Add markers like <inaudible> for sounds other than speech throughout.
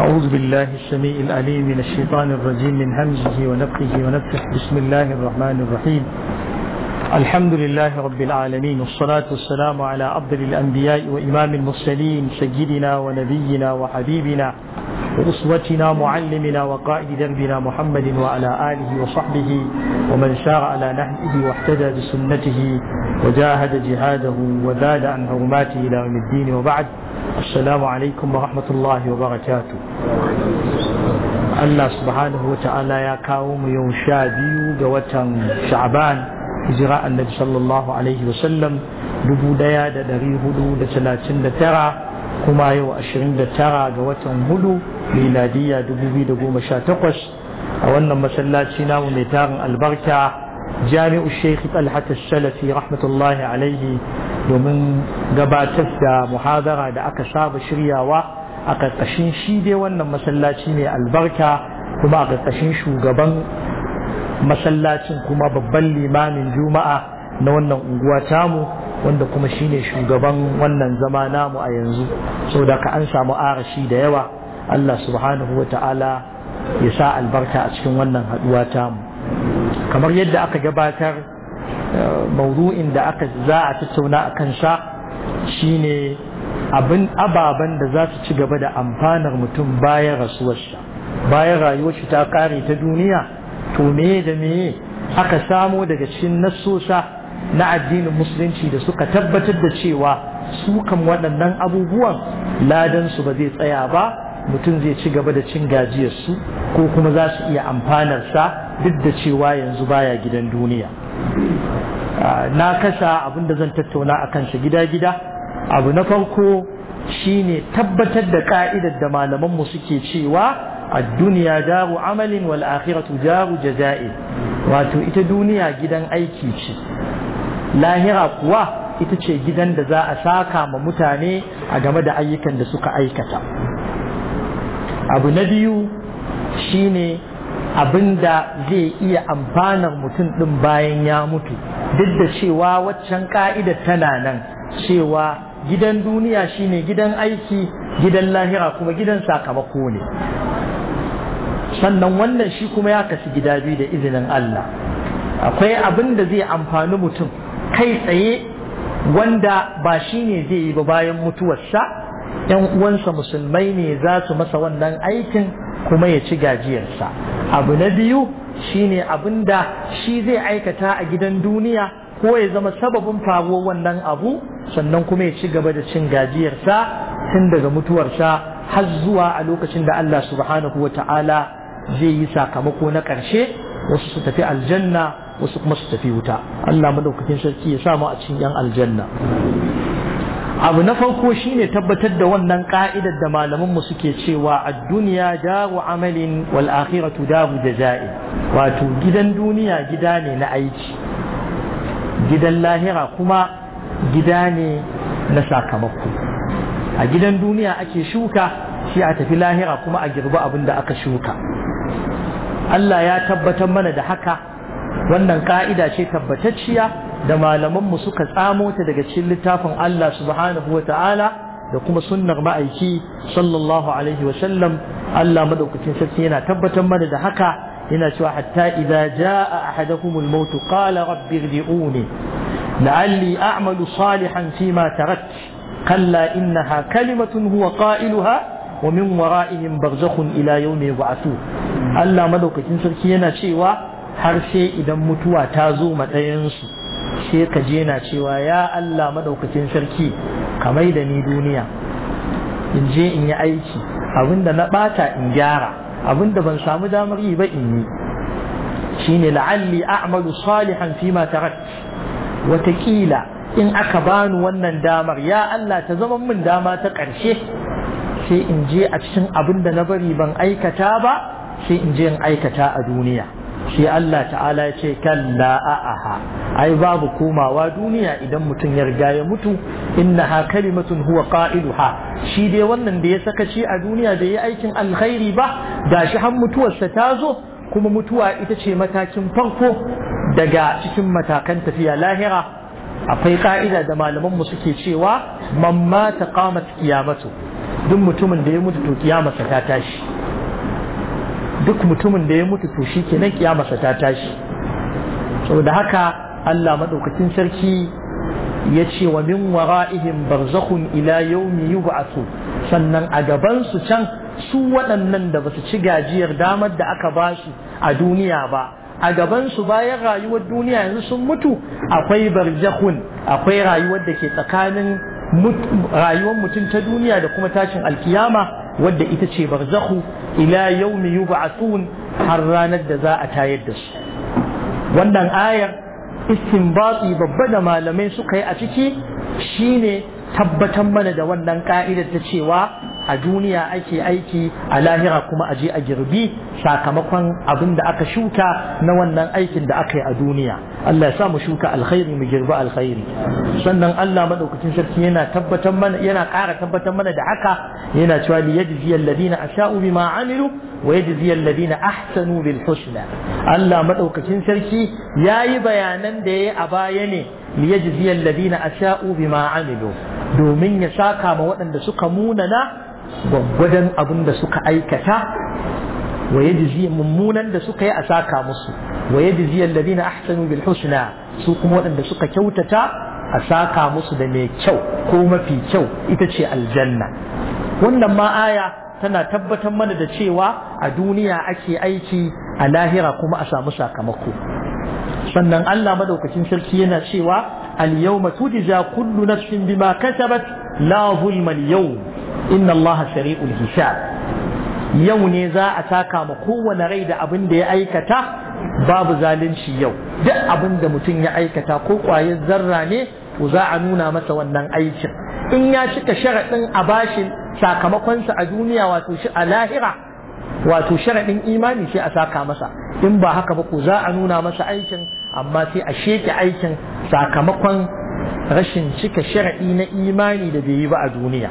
أعوذ بالله السميع العليم من الشيطان الرجيم من همزه ونفخه ونفخه بسم الله الرحمن الرحيم الحمد لله رب العالمين والصلاة والسلام على أفضل الأنبياء وإمام المرسلين سيدنا ونبينا وحبيبنا وأسوتنا معلمنا وقائد دربنا محمد وعلى آله وصحبه ومن سار على نهجه واهتدى بسنته وجاهد جهاده وزاد عن حرماته إلى يوم الدين وبعد السلام عليكم ورحمة الله وبركاته الله سبحانه وتعالى يا كاوم يوم mu yau شعبان hijira annabi sallallahu alaihi wasallam dubu daya da dari hudu da talatin da tara kuma yau ashirin da tara ga watan hudu miladiya dubu biyu da goma sha takwas a wannan masallaci namu mai tarin albarka jami'u sheikh talhat salafi rahmatullahi alaihi domin gabatar da muhadara da aka saba shiryawa a ƙarƙashin shi dai wannan masallaci mai albarka kuma a ƙarƙashin shugaban masallacin kuma babban limamin juma'a na wannan unguwa tamu wanda kuma shine shugaban wannan zama namu a yanzu saboda ka an samu arashi da yawa Allah subhanahu wa ta'ala ya sa albarka a cikin wannan haduwa tamu kamar yadda aka gabatar eh, maudu'in da aka za a tattauna a kansa shine abin ababen da za su ci gaba da amfanar mutum bayan rasuwarsa bayan rayuwarsa ta kare ta duniya to me da me aka samo daga cikin nasosa na addinin musulunci da suka tabbatar da cewa su kan waɗannan abubuwan Ladansu ba zai tsaya ba mutum zai ci gaba da cin gajiyarsu ko kuma za su iya amfanarsa duk da cewa yanzu baya gidan duniya na kasa abin da zan tattauna a kansa gida-gida abu na farko shine tabbatar da ka'idar da malamanmu suke cewa ad-dunya jaru amalin wal akhiratu daru jaza'i wato ita duniya gidan aiki ce lahira kuwa ita ce gidan da za a saka ma mutane a game da ayyukan da suka aikata abu na biyu shine abin da zai iya amfanar mutum ɗin bayan ya mutu duk da cewa waccan ka'ida tana nan cewa gidan duniya shine gidan aiki gidan lahira kuma gidan sakamako ne sannan wannan shi kuma ya kasu gida biyu da izinin Allah akwai abin da zai amfani mutum kai tsaye wanda ba shi ne zai yi ba bayan mutuwarsa ‘yan uwansa musulmai ne za su masa wannan aikin kuma ya ci gajiyarsa abu na biyu shine abin da shi zai aikata a gidan duniya ko ya zama sababin faruwar wannan abu sannan kuma ya ci gaba da cin gajiyarsa tun daga mutuwarsa har zuwa a lokacin da Allah subhanahu wa ta'ala zai yi sakamako na ƙarshe wasu su tafi aljanna wasu kuma su tafi wuta Allah madaukakin sarki ya samu a cikin yan aljanna abu na farko shine tabbatar da wannan ka'idar da malaman mu suke cewa ad-dunya daru amalin wal akhiratu daru jaza'i wato gidan duniya gida ne na aiki gidan lahira kuma gida ne na sakamako a gidan duniya ake shuka shi a tafi lahira kuma a girbi abin da aka shuka Allah ya tabbatar mana da haka wannan ka'ida ce tabbatacciya da malaman mu suka tsamo ta daga cikin littafin Allah subhanahu wataala da kuma sunnar ma'aiki sallallahu alaihi wa sallam Allah madaukakin sarki yana tabbatar mana da haka yana cewa hatta idza jaa ahaduhumul maut qala rabbi ghdi'uni la'alli a'malu salihan fima tarakt kalla innaha kalimatun huwa qa'iluha ومن ورائهم برزخ إلى يوم يبعثون Allah madaukakin sarki yana cewa har sai idan mutuwa ta zo matsayinsu sai ka je na cewa ya Allah madaukakin sarki kamai da ni duniya in je in yi aiki abinda na bata in gyara abinda ban samu damar yi ba in yi shine la'alli a'malu salihan fima tarakt watakila in aka bani wannan damar ya Allah ta zama min dama ta ƙarshe sai in je a cikin abin da na bari ban aikata ba sai in je in aikata a duniya shi Allah ta'ala ya ce kalla a'aha ai babu komawa duniya idan mutum ya riga ya mutu innaha kalimatun huwa qailuha shi dai wannan da ya saka shi a duniya da ya aikin alkhairi ba gashi har mutuwarsa ta zo kuma mutuwa ita ce matakin farko daga cikin matakan tafiya lahira akwai ka'ida da malamanmu suke cewa mamma ta qamat qiyamatu duk mutumin da ya mutu to kiyamarsa ta tashi duk mutumin da ya mutu to shi kenan kiyamarsa ta tashi saboda haka Allah maɗaukacin sarki ya ce wa min wara'ihim barzakhun ila yawmi yub'athu sannan a gaban su can su waɗannan da basu ci gajiyar damar da aka ba su a duniya ba a gaban su bayan rayuwar duniya yanzu sun mutu akwai barzakhun akwai rayuwar da ke tsakanin rayuwar mutum ta duniya da kuma tashin alkiyama wadda ita ce barzakhu ila yawmi yub'atun har ranar da za a tayar da su wannan ayar istinbati babba da malamai suka yi a ciki shine tabbatar mana da wannan ka'idar ta cewa a duniya ake aiki a lahira kuma aje a girbi sakamakon abin da aka shuka na wannan aikin da aka yi a duniya Allah ya sa mu shuka alkhairi mu girba alkhairi sannan Allah madaukakin sarki yana tabbatar mana yana ƙara tabbatar mana da haka yana cewa li yajzi alladhina asha'u bima amilu wa yajzi alladhina ahsanu bil husna Allah madaukakin sarki yayi bayanan da yayi a baya ne li yajzi alladhina asha'u bima amilu domin ya saka ma waɗanda suka munana gwaggwadon abin da suka aikata wa mummunan da suka yi a saka musu wa yajzi alladhina ahsanu bil husna su kuma waɗanda suka kyautata a saka musu da mai kyau ko mafi kyau ita ce aljanna wannan ma aya tana tabbatar mana da cewa a duniya ake aiki a lahira kuma a samu sakamako sannan Allah madaukakin sarki yana cewa al yawma tujza kullu nafsin bima kasabat la zulma al yawm inna Allah shari'ul hisab yau ne za a taka ma kowane rai da abin da ya aikata babu zalunci yau duk abin da mutum ya aikata ko kwayar zarra ne to za a nuna masa wannan aikin in ya cika sharaɗin a bashi sakamakonsa a duniya wato shi a lahira wato sharaɗin imani sai a saka masa in ba haka ba ko za a nuna masa aikin amma sai a sheke aikin sakamakon rashin cika sharaɗi na imani da bai yi ba a duniya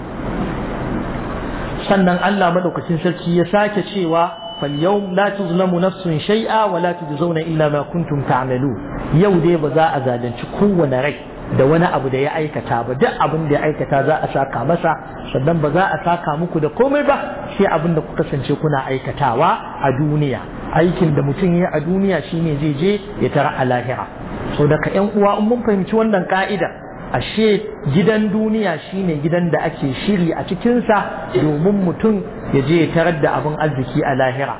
sannan Allah madaukakin sarki ya sake cewa falyawm la tuzlamu nafsun shay'a wa la tujzauna illa ma kuntum ta'malu yau dai ba za a zalunci kowane rai da wani abu da ya aikata ba duk abin da ya aikata za a saka masa sannan ba za a saka muku da komai ba sai abin da kuka kasance kuna aikatawa a duniya aikin da mutum ya a duniya shine zai je ya tara a lahira so daga yan uwa in mun fahimci wannan ka'ida ashe gidan duniya shine gidan da ake shiri a cikin sa domin mutum ya je ya tarar da abin arziki a lahira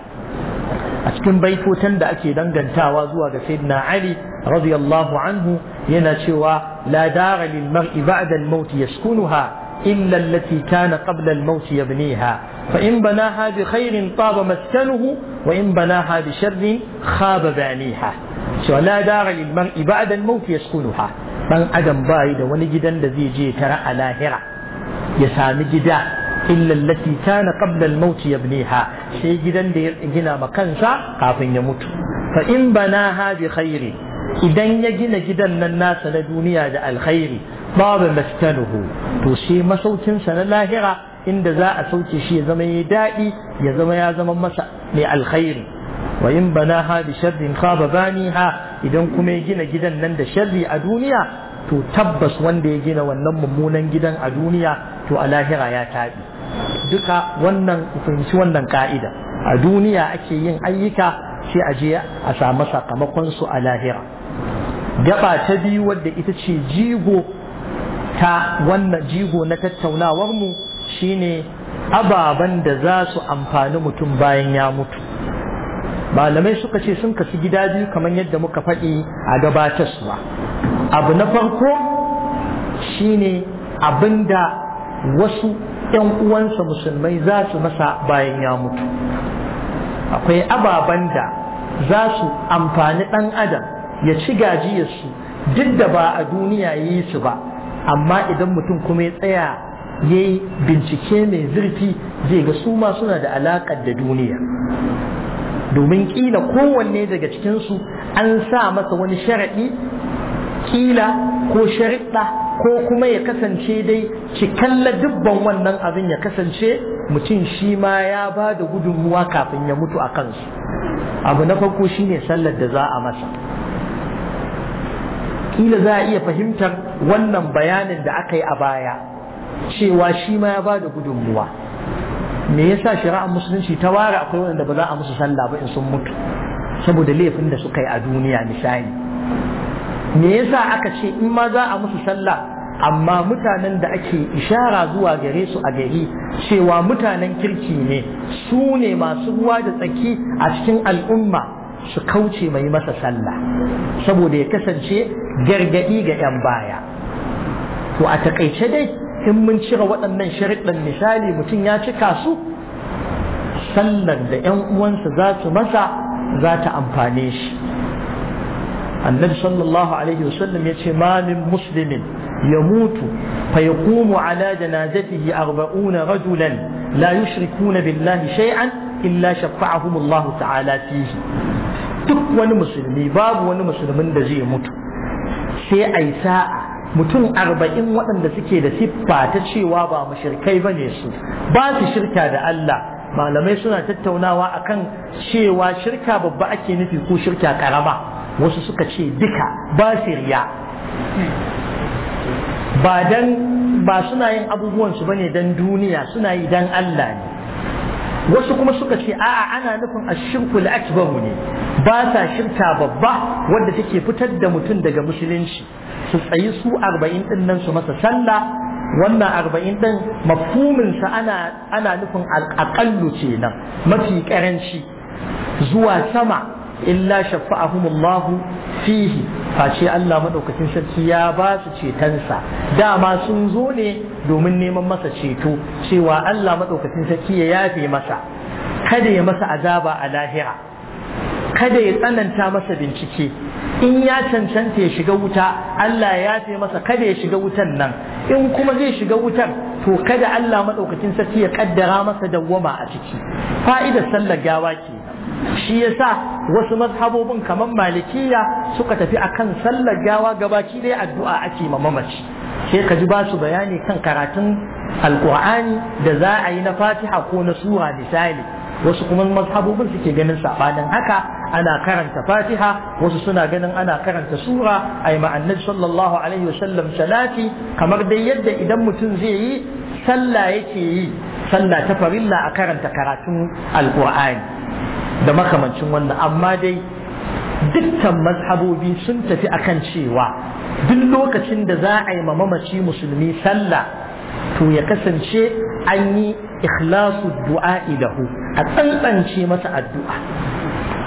a cikin baitotan da ake dangantawa zuwa ga sayyidina ali radiyallahu anhu yana cewa la dara lil mar'i ba'da al maut yaskunuha illa allati kana qabla al maut yabniha fa in banaha bi khairin taba maskanuhu wa in banaha bi sharrin khaba baniha cewa la dara lil mar'i ba'da al maut yaskunuha dan adam yi da wani gidan da zai je tara a lahira ya sami gida illa allati kana qabla al-maut yabniha sai gidan da ya gina ma kansa kafin ya mutu fa in banaha bi khairi idan ya gina gidan nan nasa na duniya da alkhairi babu maskanuhu to sai masaukinsa na lahira inda za a sauke shi ya zama ya daɗi ya zama ya zama masa mai alkhairi wa in ha bi sharrin khaba ha idan kuma ya gina gidan nan da sharri a duniya to tabbas wanda ya gina wannan mummunan gidan a duniya to a lahira ya tabi duka wannan fahimci wannan ka'ida a duniya ake yin ayyuka sai a je a samu sakamakon su a lahira gaba ta biyu wadda ita ce jigo ta wannan jigo na tattaunawar mu shine ababan da za su amfani mutum bayan ya mutu malamai suka ce sun kasu gida biyu kamar yadda muka faɗi a gabatarsuwa abu na farko shi shine da wasu 'yan uwansa musulmai za su masa bayan ya mutu akwai ababen da za su amfani ɗan adam ya ci gajiyarsu duk da ba a duniya ya yi su ba amma idan mutum kuma ya tsaya ya yi bincike mai zurfi zai ga su ma suna da alaƙar da duniya domin kila kowanne daga cikinsu an sa masa wani sharaɗi kila ko sharaɗa ko kuma ya kasance dai kalla dubban wannan abin ya kasance mutum shi ma ya ba da gudunmuwa kafin ya mutu a kansu abu na farko shine sallar da za a masa kila za a iya fahimtar wannan bayanin da aka yi a baya cewa shi ma ya ba da gudunmuwa me yasa shari'ar musulunci ta ware akwai wanda ba za a musu sallah ba in sun mutu saboda laifin da suka yi a duniya misali me yasa aka ce in ma za a musu sallah amma mutanen da ake ishara zuwa gare su a gari cewa mutanen kirki ne su ne masu ruwa da tsaki a cikin al'umma su kauce mai masa sallah saboda ya kasance gargadi ga 'yan baya to a takaice dai in mun cire waɗannan sharaɗin misali mutum ya cika su sallar da 'yan uwansa za su masa za ta amfane shi annabi sallallahu alaihi wasallam ya ce ma min muslimin ya mutu fa yaqumu ala janazatihi 40 rajulan la yushrikuna billahi shay'an illa shafa'ahum Allah ta'ala fihi duk wani musulmi babu wani musulmin da zai mutu sai ai sa'a mutum arba'in waɗanda suke da siffa ta cewa ba mashirkai ba ne su ba su shirka da Allah malamai suna tattaunawa a kan cewa shirka babba ake nufi ko shirka karama wasu suka ce duka ba su riya ba dan ba suna yin abubuwansu bane dan duniya suna yi dan Allah ne wasu kuma suka ce a'a ana nufin ashirku al-akbaru ne ba sa shirka babba wadda take fitar da mutum daga musulunci su tsayi su arba'in ɗin nan su masa sallah wannan arba'in ɗin mafhuminsa ana ana nufin aƙallu ce nan mafi ƙaranci zuwa sama illa shafa'ahumullahu fihi face Allah maɗaukacin sarki ya ba su cetonsa dama sun zo ne domin neman masa ceto cewa Allah maɗaukacin sarki ya yafe masa kada ya masa azaba a lahira kada ya tsananta masa bincike in ya cancanta ya shiga wuta Allah ya ce masa kada ya shiga wutan nan in kuma zai shiga wutan to kada Allah maɗaukacin sarki ya kaddara masa dawwama a ciki fa'idar sallar gawa ke shi yasa wasu mazhabobin kamar malikiya suka tafi akan sallar gawa gabaki dai addu'a ake ma mamaci sai ka ji basu bayani kan karatun alkur'ani da za a yi na fatiha ko na sura misali wasu kuma mazhabobin suke ganin sabanin haka ana karanta fatiha wasu suna ganin ana karanta sura ai ma'annabi sallallahu alaihi wasallam salati kamar dai yadda idan mutum zai yi sallah yake yi sallah ta farilla a karanta karatun alqur'ani da makamancin wannan amma dai dukkan mazhabobi sun tafi akan cewa duk lokacin da za a yi ma mamaci musulmi sallah to ya kasance an yi ikhlasu du'a'i lahu a tsantsance masa addu'a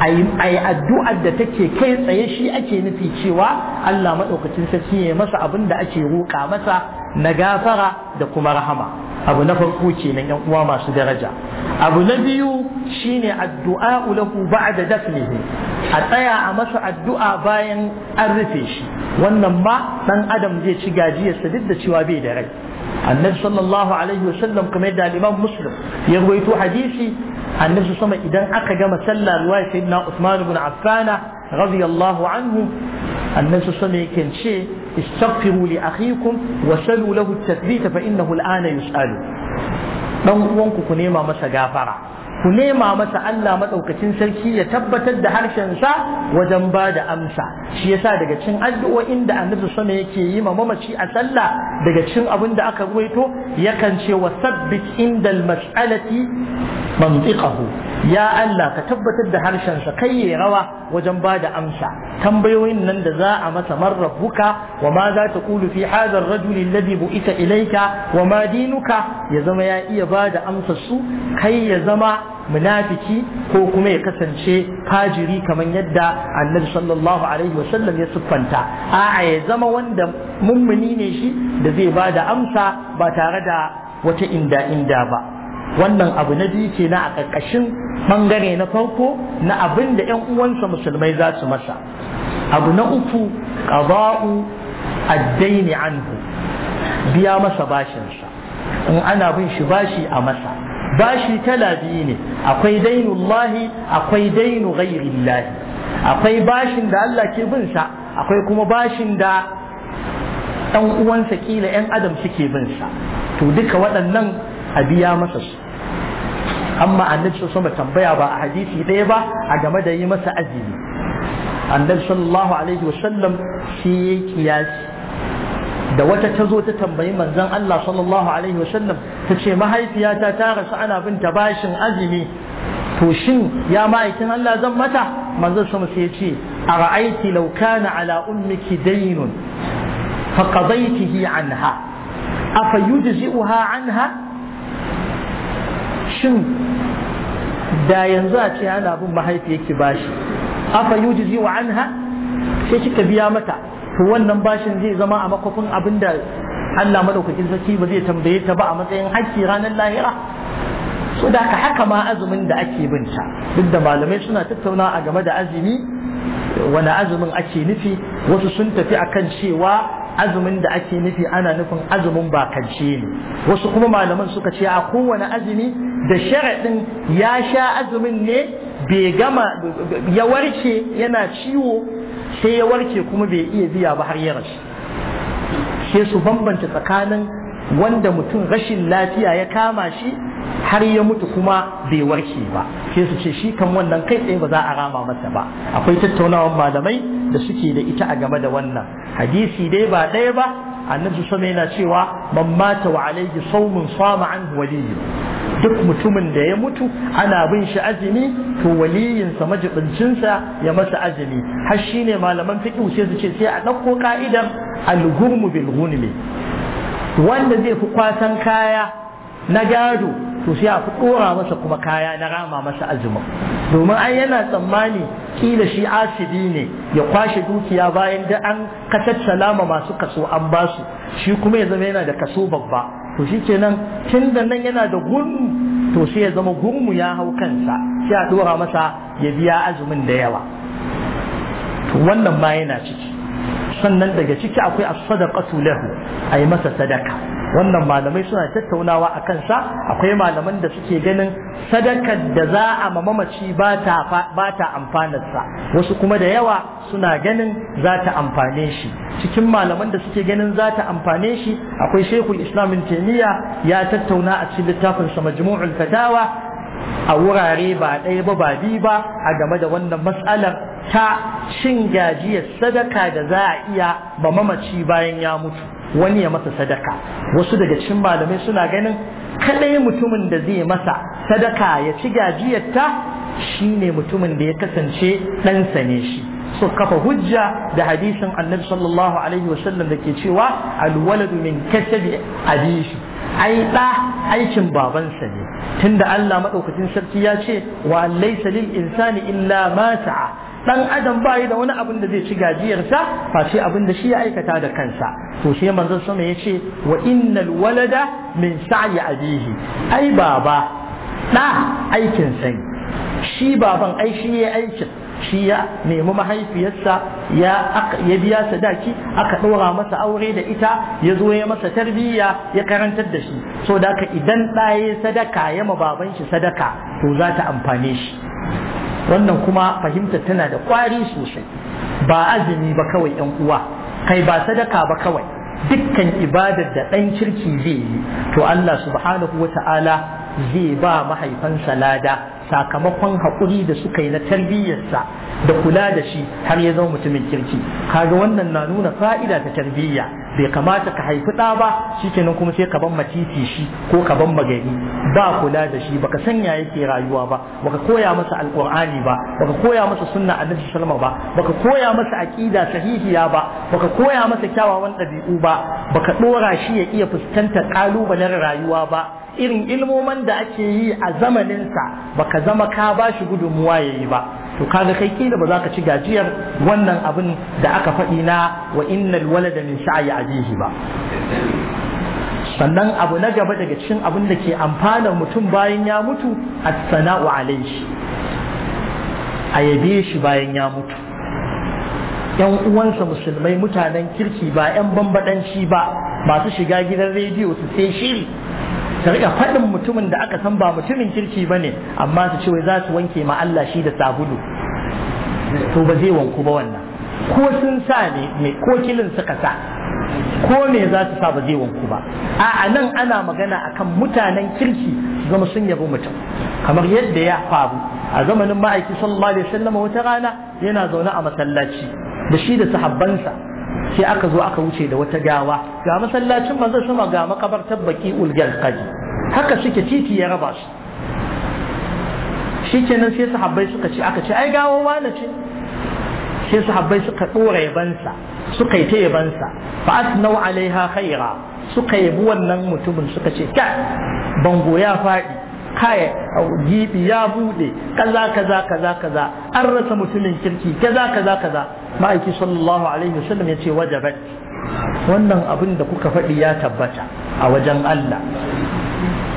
ai addu'ar da take kai tsaye shi ake nufi cewa Allah madaukakin sarki ya masa abin da ake roƙa masa na gafara da kuma rahama abu na farko kenan yan uwa masu daraja abu na biyu shine addu'a lahu ba'da dafnihi a tsaya a masa addu'a bayan an rufe shi wannan ma dan adam zai ci gajiyarsa duk da cewa bai da rai annabi sallallahu alaihi wasallam kamar yadda al muslim ya rawaito hadisi annabi sama idan aka gama sallah riwaya na usman ibn affana radiyallahu anhu annabi sama yake ce istaghfiru li akhikum wa salu lahu at-tathbita fa innahu al yus'alu dan uwanku ku nema masa gafara ku nema masa Allah maɗaukacin sarki ya tabbatar da harshen sa wajen ba da amsa shi yasa daga cin addu'o'in da annabi sama yake yi ma mamaci a sallah daga cin abin da aka ruwaito yakan ce wa sabbit indal mas'alati mantiqahu ya Allah ka tabbatar da harshen sa kai ya rawa wajen ba da amsa tambayoyin nan da za a masa man rabbuka wa ma za ta kulu fi hadha ar-rajuli alladhi bu'ita ilayka wa ma dinuka ya zama ya iya ba da amsa su kai ya zama munafiki ko kuma ya kasance fajiri kamar yadda annabi sallallahu alaihi wasallam ya siffanta a'a ya zama wanda mummuni ne shi da zai ba da amsa ba tare da wata inda inda ba wannan abu na biyu ke na a ƙarƙashin ɓangare na farko na abin da 'yan uwansa musulmai za su masa abu na uku ƙaba'u addaini anhu biya masa bashinsa in ana bin shi bashi a masa bashi kala biyu ne akwai dainullahi akwai dainu ghairillahi akwai bashin da Allah ke bin sa akwai kuma bashin da ɗan uwansa kila ‘yan adam suke bin sa to duka waɗannan a biya masa su amma annabi sallallahu ba tambaya ba a hadisi ɗaya ba a game da yi masa azumi annabi sallallahu alaihi wasallam shi yayi kiyasi da wata ta zo ta tambayi manzon Allah sallallahu alaihi wasallam ta ce mahaifiyata ta rasu ana bin ta bashin azumi to shin ya ma'aikin Allah zan mata manzon sama sai ya ce a ra'aiti law kana ala ummiki daynun fa qadaytihi anha afa yujzi'uha anha shin da yanzu a ce ana bin mahaifiyarki bashi afa yujzi'u anha sai kika biya mata to wannan bashin zai zama a makwafin abin da Allah madaukakin sarki ba zai tambaye ta ba a matsayin hakki ranar lahira so da haka haka ma azumin da ake binta duk da malamai suna tattauna a game da azumi wani azumin ake nufi wasu sun tafi akan cewa azumin da ake nufi ana nufin azumin bakance ne wasu kuma malaman suka ce a kowane azumi da sharaɗin ya sha azumin ne bai gama ya warke yana ciwo sai ya warke kuma bai iya biya ba har ya rashi sai su bambanta tsakanin wanda mutum rashin lafiya ya kama shi har ya mutu kuma bai warke ba sai su ce shi kan wannan kai tsaye ba za a rama masa ba akwai tattaunawan malamai da suke da ita a game da wannan hadisi dai ba ɗaya ba annabi sama yana cewa man mata wa alaihi sawmun sama an waliyyu duk mutumin da ya mutu ana bin shi azumi to waliyinsa majibincinsa ya masa azumi har shi ne malaman fiƙi sai su ce sai a ɗauko ka'idar alhurmu bil wanda zai fi kwasan kaya na gado to sai a fi ɗora masa kuma kaya na rama masa azumin domin ai yana tsammani kila shi asidi ne ya kwashe dukiya bayan da an kacaccala masu kaso an basu shi kuma ya zama yana da kaso babba to shi kenan tun da nan yana da gurmu to sai ya zama gurmu ya hau kansa sai a dora masa ya biya azumin da yawa to wannan ma yana ciki sannan daga ciki akwai as-sadaqatu lahu ay masa sadaka wannan malamai suna tattaunawa akan sa. akwai malaman da suke ganin sadakar da za a mamaci ba ta ba ta wasu kuma da yawa suna ganin za ta amfane shi cikin malaman da suke ganin za ta amfane shi akwai shekul Islam Ibn ya tattauna a cikin littafin sa Majmu'ul Fatawa a wurare ba ɗaya ba ba biyu ba a game da wannan matsalar ta cin gajiyar sadaka da za a iya ba mamaci bayan ya mutu wani ya masa sadaka wasu daga cin malamai suna ganin kadai mutumin da zai masa sadaka ya ci gajiyar ta shine mutumin da ya kasance ɗansa ne shi su kafa hujja da hadisin annabi sallallahu alaihi wasallam da ke cewa alwaladu min kasabi abishi ai ɗa aikin babansa ne tunda Allah maɗaukacin sarki ya ce wa laysa lil insani illa ma sa'a dan adam ba da wani abin da zai ci gajiyarsa face abin da shi ya aikata da kansa to shi manzon sama ya ce wa innal walada min sa'i abihi ai baba da aikin sai shi baban ai shi ya aikin shi ya nemi mahaifiyarsa ya biya sadaki aka ɗora masa aure da ita ya zo ya masa tarbiyya ya karantar da shi so da idan ɗaya sadaka ya ma baban shi sadaka to za ta amfane shi wannan kuma fahimtar tana da kwari sosai ba azumi ba kawai yan uwa kai ba sadaka ba kawai dukkan ibadar da ɗan kirki zai yi to Allah subhanahu wa ta'ala zai ba mahaifansa lada sakamakon haƙuri da suka yi na tarbiyyarsa da kula da shi har ya zama mutumin kirki kaga wannan na nuna fa'ida ta tarbiyya bai kamata ka haifi ɗa ba shikenan kuma sai ka ban matiti shi ko ka ban magani ba kula da shi baka sanya yake rayuwa ba baka koya masa alqur'ani ba baka koya masa sunna annabi sallallahu ba baka koya masa aqida sahihiya ba baka koya masa kyawawan ɗabi'u ba baka ɗora shi ya iya fuskantar ƙalubalen rayuwa ba irin ilmoman da ake yi a zamaninsa baka zama ka ba shi gudunmuwa ya yi ba to kaga kai kila ba za ka ci gajiyar wannan abin da aka faɗi na wa innal walada min sha'ayi ajihi ba sannan abu na gaba daga cikin abin da ke amfanar mutum bayan ya mutu as-sana'u alayhi a yabe shi bayan ya mutu yan uwansa musulmai mutanen kirki ba yan bambadanci ba masu shiga gidan rediyo su sai shiri su riƙa faɗin mutumin da aka san ba mutumin kirki bane amma su ce wai za su wanke ma Allah shi da sabulu to ba zai wanku ba wannan ko sun sa ne ko kilin suka sa ko me za su sa ba zai wanku ba a nan ana magana akan mutanen kirki zama sun yabi mutum kamar yadda ya faru a zamanin ma'aiki sallallahu alaihi wasallam wata rana yana zaune a masallaci da shi da sahabbansa sai aka zo aka wuce da wata gawa ga masallacin manzo sama ga makabartar baki ulgar kaji haka suke titi ya raba su shikenan sai sahabbai suka ce aka ce ai gawo wani ce sai sahabbai suka dora yabansa suka yi ta yabansa fa asnau alaiha khaira suka yabi wannan mutumin suka ce ka bango ya faɗi kai gibi ya bude kaza kaza kaza kaza an rasa mutumin kirki kaza kaza kaza ma'aiki sallallahu alaihi wasallam yace wajabat wannan abin da kuka faɗi ya tabbata a wajen Allah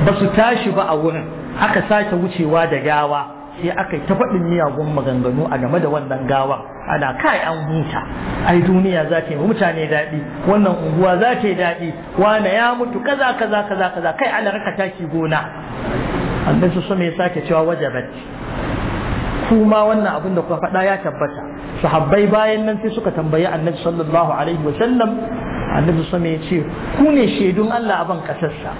ba su tashi ba a wurin aka sake wucewa da gawa sai aka yi ta faɗin miyagun maganganu a game da wannan gawa ana kai an huta ai duniya za ta yi mutane daɗi wannan unguwa za ta yi daɗi wane ya mutu kaza kaza kaza kaza kai ana raka taki gona annabi su ya sake cewa wajabat kuma wannan abin da kuka faɗa ya tabbata sahabbai bayan nan sai suka tambayi annabi sallallahu alaihi wa sallam annabi sama ya ce ku ne shaidun Allah a ban kasarsa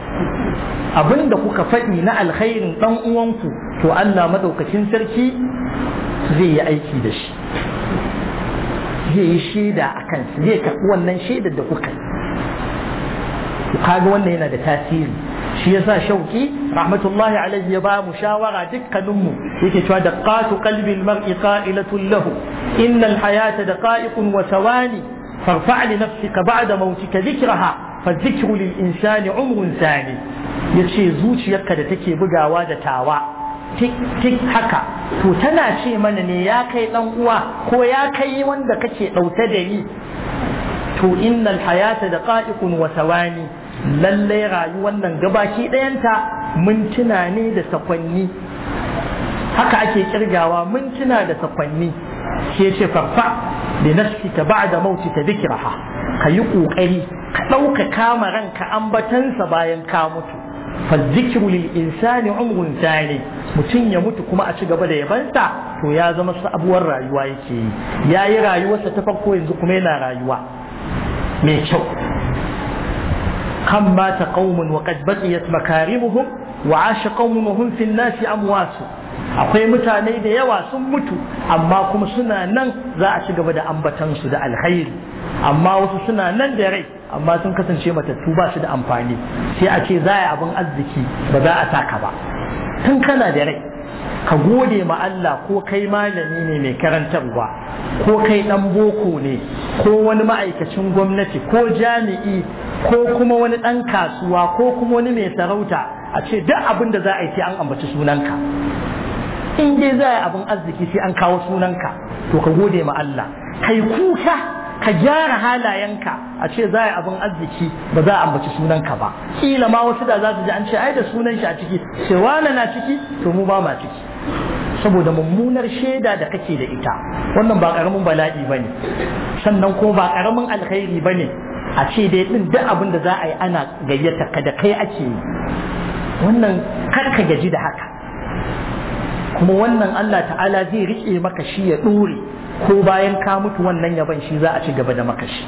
abinda kuka faɗi na alkhairin ɗan uwanku to Allah madaukakin sarki zai yi aiki da shi zai yi shaida a kansa zai karɓi wannan shaidar da kuka yi kaga wannan yana da tasiri shi yasa shauki rahmatullahi alaihi ya ba mu shawara dukkaninmu yake cewa da qatu qalbi mari qa'ilatun lahu innal hayata daqa'iqun wa thawani فارفع لنفسك بعد موتك ذكرها فالذكر للإنسان عمر ثاني zuciyarka da يكاد تكي بقى وادا تاوى tik tik haka to tana ce mana ne ya kai dan uwa ko ya kai wanda kake dauke da ni to innal hayata da daqa'iqun wa thawani lallai rayuwar nan gabaki ɗayanta mintuna ne da sakwanni haka ake kirgawa mintuna da sakwanni ke ce farfa li da ba'da ta dhikraha kayi kokari ka dauka kama ranka ambatansa bayan ka mutu fa dhikru lil insani umrun thani ya mutu kuma a ci gaba da yabansa to ya zama sabuwar rayuwa yake yi yayi rayuwarsa ta farko yanzu kuma yana rayuwa mai kyau kan mata qaumun wa qad baqiyat makarimuhum wa asha qaumun hum fi an-nasi amwasu akwai mutane da yawa sun mutu amma kuma suna nan za a ci gaba da ambatan su da alkhairi amma wasu suna nan da rai amma sun kasance matattu ba su da amfani sai a ce za a yi abin arziki ba za a saka ba tun kana da rai ka gode ma Allah ko kai malami ne mai karantarwa ko kai dan boko ne ko wani ma'aikacin gwamnati ko jami'i ko kuma wani dan kasuwa ko kuma wani mai sarauta a ce duk abin da za a yi sai an ambaci sunanka in dai za a abin arziki sai an kawo sunanka to ka gode ma Allah kai kuka ka gyara halayenka a ce za a abin arziki ba za a ambaci sunanka ba kila ma wasu da za su ji an ce ai da sunan shi a ciki ce wane na ciki to mu ba ma ciki saboda mummunar shaida da kake da ita wannan ba karamin bala'i bane sannan kuma ba karamin alkhairi bane a ce dai din duk abin da za a yi ana gayyata ka da kai ake yi wannan kar ka gaji da haka kuma wannan Allah ta'ala zai riƙe maka shi ya ɗore ko bayan ka mutu wannan yaban shi za a ci gaba da maka shi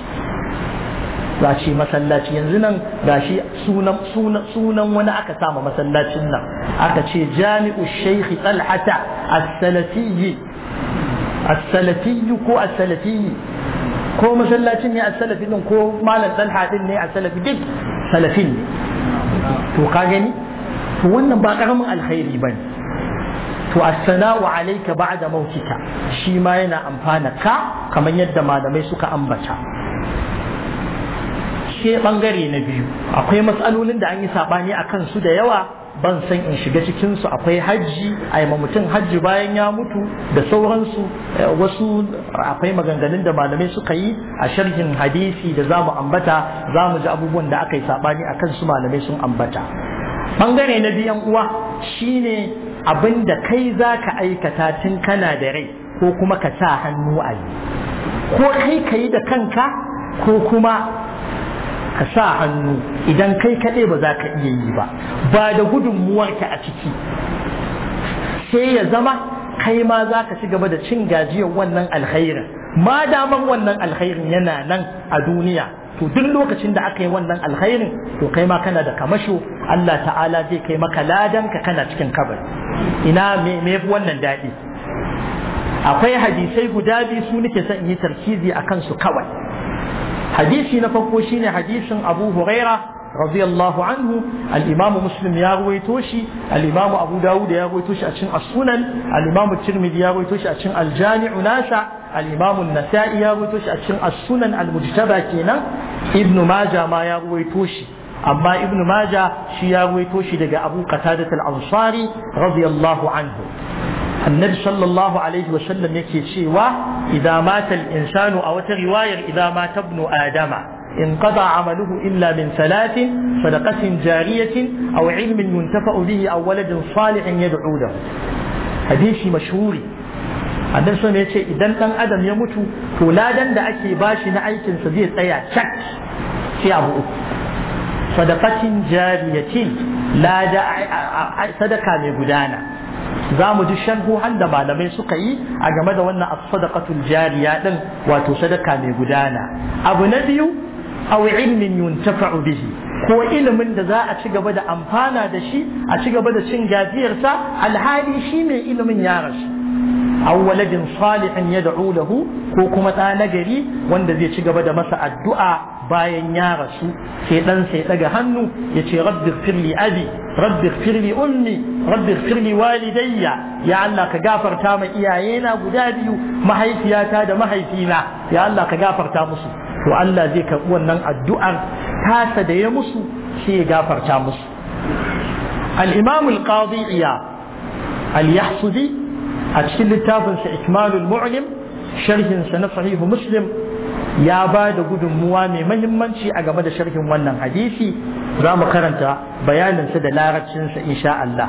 za a ce masallaci yanzu nan ga shi sunan wani aka sama masallacin nan aka ce jami'u shaikhi talhata as-salafiyyi as-salafiyyu ko as-salafiyyi ko masallacin ne as-salafi din ko malam talha din ne as-salafi duk salafin ne to ka gani to wannan ba karamin alkhairi bane to assana'u alayka ba'da mautika shi ma yana amfana ka kamar yadda malamai suka ambata ke bangare na biyu akwai matsalolin da an yi sabani akan su da yawa ban san in shiga cikin su akwai hajji ma mutum hajji bayan ya mutu da sauransu eh, wasu akwai maganganun da malamai suka yi a sharhin hadisi da zamu ambata zamu ji abubuwan da aka yi sabani a kansu malamai sun ambata bangare na biyan uwa shine Abin da kai za ka aikata tun kana da rai ko kuma ka sa hannu a yi ko kai ka yi da kanka ko kuma ka sa hannu idan kai kaɗai ba za ka iya yi ba ba da gudunmuwarka a ciki sai ya zama kai ma za ka ci gaba da cin gajiyar wannan alkhairin ma daman wannan alkhairin yana nan a duniya to duk lokacin da aka yi wannan alkhairin to kai ma kana da kamasho Allah ta'ala zai kai maka ladan ka kana cikin kabari ina me me wannan daɗi akwai hadisai guda biyu su nake son yi tarkizi akan su kawai hadisi na farko shine hadisin Abu Huraira رضي الله عنه الإمام مسلم ياغوي توشي الإمام أبو داود ياغوي توشي أتشن السنن الإمام الترمذي ياغوي توشي أتشن الجامع ناشا al-imam nasai ya ruwaito shi a cikin as-sunan kenan ibn majah ma ya ruwaito shi amma ibn maja shi ya ruwaito shi daga abu qatadat al-ansari radiyallahu anhu annabi sallallahu alaihi wa sallam yake cewa idan mata al-insanu a wata riwayar idan mata adama in qada amaluhu illa min salatin sadaqatin jariyatin aw ilmin yuntafa'u bihi aw waladin salihin yad'u lahu hadisi mashhuri annabi sallallahu ya ce idan dan adam ya mutu to ladan da ake bashi na aikin sa zai tsaya cak sai abu uku sadaqatin jariyatin lada sadaka mai gudana za mu ji har da malamai suka yi a game da wannan sadakatun sadaqatul jariya din wato sadaka mai gudana abu na biyu aw ilmin yuntafa'u bihi ko ilimin da za a ci gaba da amfana da shi a ci gaba da cin gajiyarsa alhali shi mai ilimin ya rasu aw waladin salihin yad'u lahu ko kuma ɗa nagari wanda zai ci gaba da masa addu'a bayan ya rasu sai dan sai daga hannu yace rabbi firli abi rabbi firli ummi rabbi firli walidayya ya Allah ka gafarta ma iyayena guda biyu mahaifiyata da mahaifina ya Allah ka gafarta musu to Allah zai karɓi wannan addu'ar tasa da ya musu sai ya gafarta musu al imamul al-qadi al-yahsudi a cikin littafinsa ikmalul mu'lim sharhinsa na sahihu muslim ya ba da gudunmuwa mai mahimmanci a game da sharhin wannan hadisi za mu karanta bayaninsa da larabcinsa insha Allah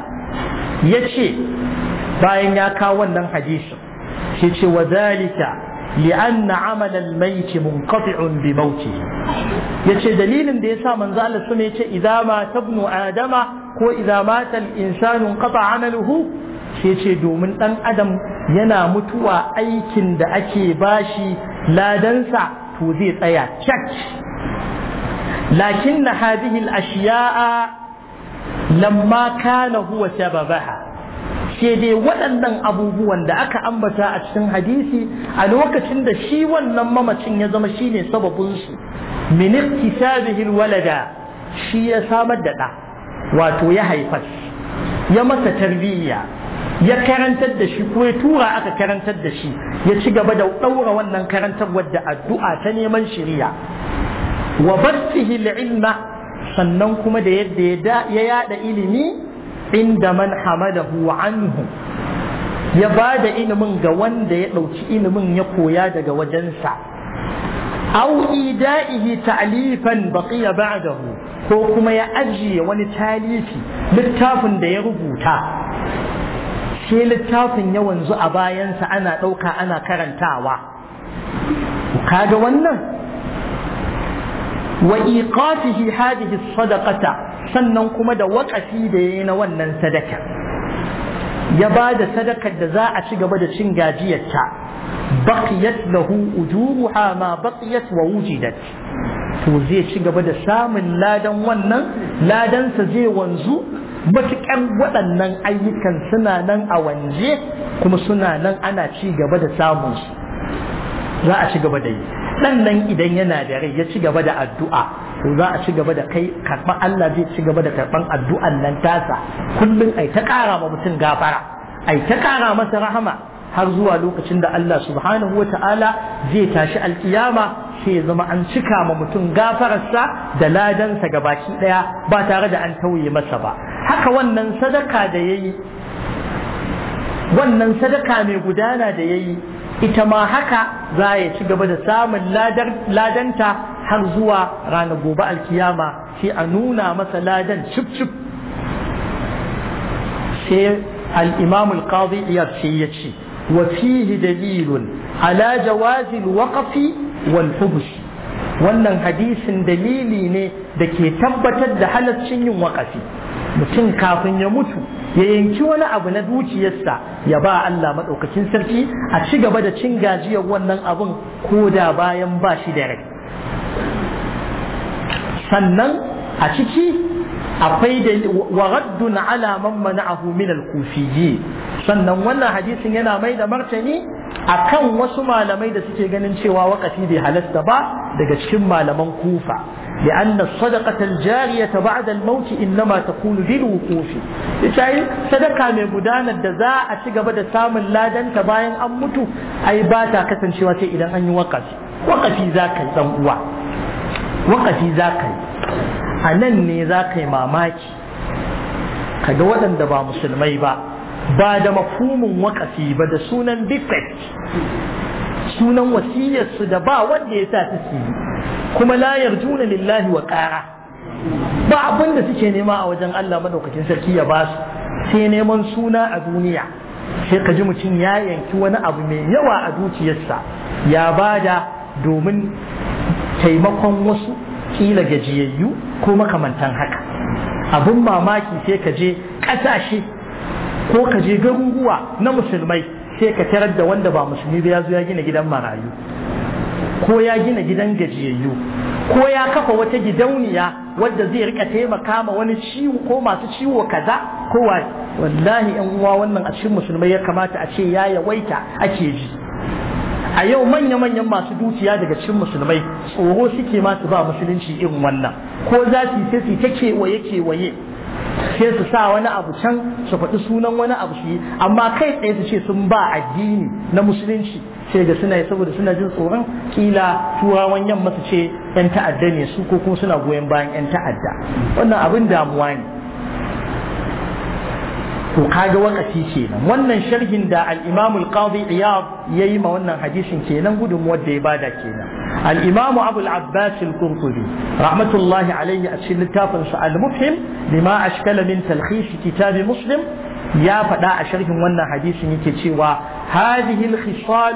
ya ce bayan ya kawo wannan hadisin sai ce wa zalika li'an amal al-mayt munqati'un bi mauti yace dalilin da yasa manzo Allah sun yace idza ma tabnu adama ko idza mata al kafa qata sai ce domin ɗan adam yana mutuwa aikin da ake bashi ladansa to zai tsaya cak lakin na hadihil ashiya'a lamma kana huwa sababaha sai dai waɗannan abubuwan da aka ambata a cikin hadisi a lokacin da shi wannan mamacin ya zama shine su min iktisabihil walada shi ya samar da ɗa wato ya haifas ya masa tarbiyya ya karantar da shi ko ya tura aka karantar da shi ya ci gaba da ɗaura wannan karantarwar da addu'a ta neman shiriya wa basihi ilma sannan kuma da yadda ya yada ilimi inda man hamadahu anhu ya ba da ilimin ga wanda ya ɗauki ilimin ya koya daga wajensa au ida'ihi ta'lifan baqiya ba'dahu ko kuma ya ajiye wani talifi littafin da ya rubuta sai littafin ya wanzu a bayansa ana ɗauka ana karantawa kaga wannan wa iqatihi hadhihi sadaqata sannan kuma da waƙafi da yayi na wannan sadaka ya ba da sadakar da za a ci gaba da cin gajiyarta baqiyat lahu ujuruha ma baqiyat wa wujidat to zai ci gaba da samun ladan wannan ladansa zai wanzu matuƙar waɗannan ayyukan suna nan a wanje kuma suna nan ana ci gaba da samun su za a ci gaba da yi ɗan nan idan yana da rai ya ci gaba da addu'a to za a ci gaba da kai karɓar Allah zai ci gaba da karɓar addu'an nan tasa kullum ai ta ƙara ma mutum gafara ai ta ƙara masa rahama har zuwa lokacin da Allah subhanahu wa ta'ala zai tashi alƙiyama sai zama an cika ma mutum gafararsa da ladansa ga baki ɗaya ba tare da an tauye masa ba haka wannan sadaka da wannan sadaka mai gudana da ya yi ita ma haka za ya ci gaba da samun ladanta har zuwa ranar gobe alkiyama sai a nuna masa ladan cif cif sai al'imam al-qadi sai ya ce wa fihi dalilun ala jawazil waqafi wal khubus wannan hadisin dalili ne da ke tabbatar da halaccin yin waƙafi mutum kafin ya mutu ya yanki wani abu na dukiyarsa ya ba Allah maɗaukakin sarki a ci gaba da cin gajiyar wannan abun ko da bayan ba shi da rai sannan a ciki akwai da waraddun ala man mana'ahu min al sannan wannan hadisin yana mai da martani a kan wasu malamai da suke ganin cewa wakati bai halarta ba daga cikin malaman kufa da an na sadakatar jariya ta ba'adar mauki inna ma ta kunu bin hukufi ita yi sadaka mai gudanar da za a ci gaba da samun ladanta bayan an mutu ai ba ta kasancewa sai idan an yi wakati wakati za ka yi wakati za ka a nan ne za ka yi mamaki ka ga waɗanda ba musulmai ba ba da mafhumin wakafi ba da sunan defect sunan wasiyarsu da ba wanda ya sa suke yi kuma la yarjuna lillahi wa qara ba abin suke nema a wajen Allah madaukakin sarki ya ba su sai neman suna a duniya sai ka ji mutum ya yanki wani abu mai yawa a zuciyarsa, ya ba da domin taimakon wasu kila gajiyayyu ko makamantan haka abin mamaki sai ka je ƙasashe ko ka je garuruwa na musulmai sai ka tarar da wanda ba musulmi ba ya zo ya gina gidan marayu ko ya gina gidan gajiyayyu ko ya kafa wata gidauniya wadda zai rika taimaka ma wani ciwo ko masu ciwo kaza ko wallahi yan uwa wannan a cikin musulmai ya kamata a ce ya yawaita ake ji a yau manya-manyan masu dukiya daga cikin musulmai tsoro suke masu ba musulunci irin wannan ko za su yi ta kewaye-kewaye sai su sa wani abu can su faɗi sunan wani abu su amma kai tsaye su ce sun ba addini na musulunci sai ga suna yi saboda suna jin tsoron kila turawan yamma su ce yan ta'adda ne su ko kuma suna goyon bayan yan ta'adda wannan abin damuwa ne to kaga wakati kenan wannan sharhin da al-Imam al-Qadi Iyad yayi ma wannan hadisin kenan gudun da ya bada kenan الإمام أبو العباس القرطبي رحمة الله عليه أشيل التافن المفهم لما أشكل من تلخيص كتاب مسلم يا فدا أشرح ونا حديث نكتشي هذه الخصال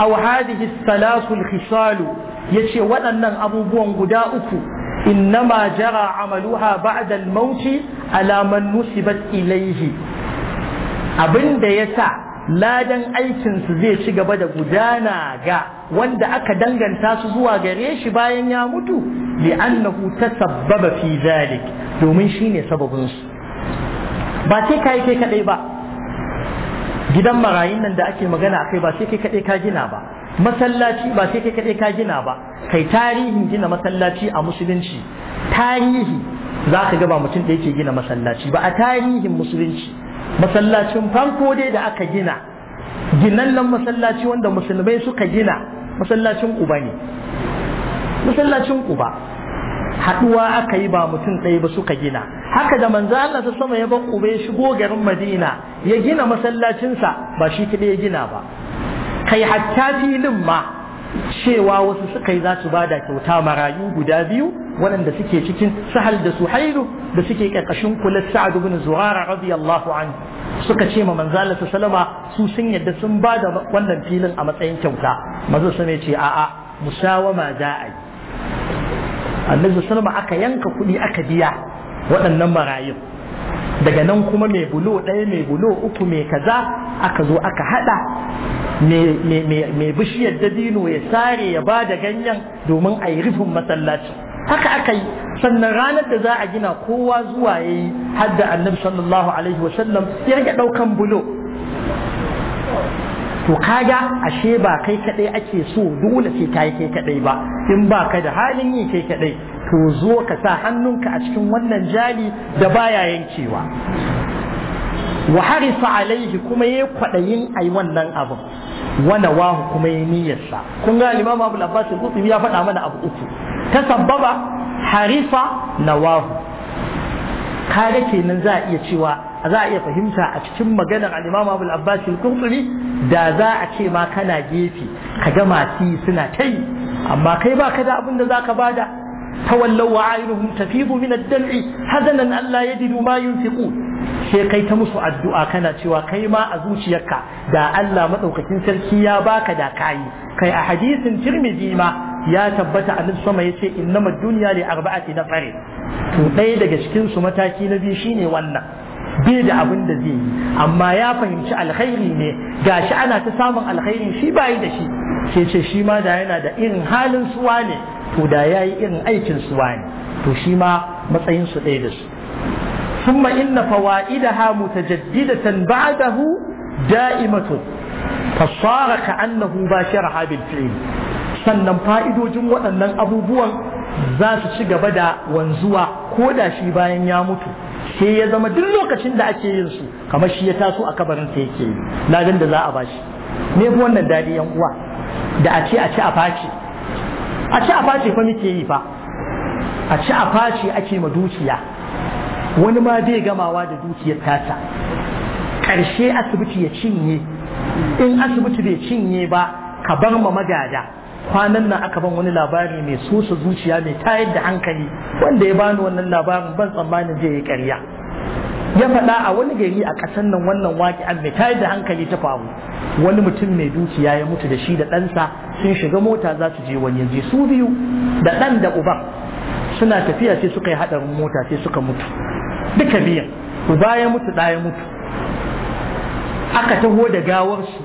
أو هذه الثلاث الخصال يشي ونن أبو بون غداؤك إنما جرى عملها بعد الموت على من نسبت إليه أبن ديتا ladan aikinsu zai ci gaba da gudana ga wanda aka danganta su zuwa gare shi bayan ya mutu annahu tasabbaba fi zalik domin shine sababin su ba sai kai kai kadai ba gidan marayin nan da ake magana akai ba sai kai kadai ka gina ba masallaci ba sai kai kadai ka gina ba kai tarihin gina masallaci a musulunci tarihi za ka ga ba mutum da yake gina masallaci ba a tarihin musulunci masallacin farko dai da aka gina ginannan masallaci wanda musulmai suka gina masallacin uba ne masallacin uba haduwa aka yi ba mutum ɗaya ba suka gina haka da manzo Allah ta sama ya bar uba ya shigo garin Madina ya gina masallacinsa ba shi kaɗai ya gina ba kai hatta filin ma cewa wasu suka yi za su ba da kyauta marayu guda biyu waɗanda suke cikin sahal da su suhailu da suke ƙarƙashin kula sa'ad ibn zurara. radiyallahu anhu suka ce ma manzala Allah salama su sun yadda sun ba da wannan filin a matsayin kyauta mazu su ne ce a'a musawama za a yi annabi salama aka yanka kuɗi aka biya waɗannan marayun daga nan kuma mai bulo ɗaya mai bulo uku mai kaza aka zo aka haɗa mai bishiyar dadino ya sare ya ba da ganyen domin a yi rufin masallaci haka aka yi sannan ranar da za a gina kowa zuwa ya yi hadda annabi sallallahu alaihi sallam, ya rage ɗaukan bulo to kaga ashe ba kai kadai ake so dole sai kai kai kadai ba in ba ka da halin yi kai kadai to zo ka sa hannunka a cikin wannan jali da baya yankewa wa harisa alaihi kuma yayi kwadayin ai wannan abin wana wahu kuma yayi niyyarsa kun ga Imam Abu Abbas al ya faɗa mana abu uku tasabbaba harisa nawahu kaga kenan za a iya cewa za a iya fahimta a cikin maganar al-Imam Abbas al da za a ce ma kana gefe kaga masu suna ta yi amma kai baka da abin da zaka bada tawallaw wa ayunuhum tafidu min ad-dam'i hazanan an la yajidu ma yunfiqun sai kai ta musu addu'a kana cewa kai ma a zuciyarka da Allah madaukakin sarki ya baka da kai kai a hadisin Tirmidhi ma ya tabbata nan sama yace innamad dunya li arba'ati nafari to ɗaya daga cikin su mataki na biyu shine wannan bai da abin da zai yi amma ya fahimci alkhairi ne gashi ana ta samun alkhairi shi bayi da shi ke ce shi ma da yana da irin halin suwa ne to da ya yi irin aikin su wani to shi ma matsayin su ɗaya da su ثم إن فوائدها متجددة بعده دائمة فصار كأنه باشرها بالفعل sannan fa'idodin waɗannan abubuwan za su ci gaba da wanzuwa ko da shi bayan ya mutu sai ya zama duk lokacin da ake yin su kamar shi ya taso a kabarin ta yake yi ladan da za a bashi ne fi wannan daɗi yan uwa da a ce a ci a faci a ci a face fa muke yi fa a ci a face ake ma dukiya wani ma bai gamawa da dukiyar tasa ƙarshe asibiti ya cinye in asibiti bai cinye ba ka bar ma magada kwanan nan aka ban wani labari mai sosa zuciya mai tayar da hankali wanda ya bani wannan labarin ban tsammanin zai yi ƙarya ya faɗa a wani gari a ƙasar nan wannan waƙi an mai tayar da hankali ta faru wani mutum mai dukiya ya mutu da shi da ɗansa sun shiga mota za su je wani yanzu su biyu da ɗan da uban suna tafiya sai suka yi haɗarin mota sai suka mutu duka biyan uba ya mutu ɗa ya mutu aka taho da gawarsu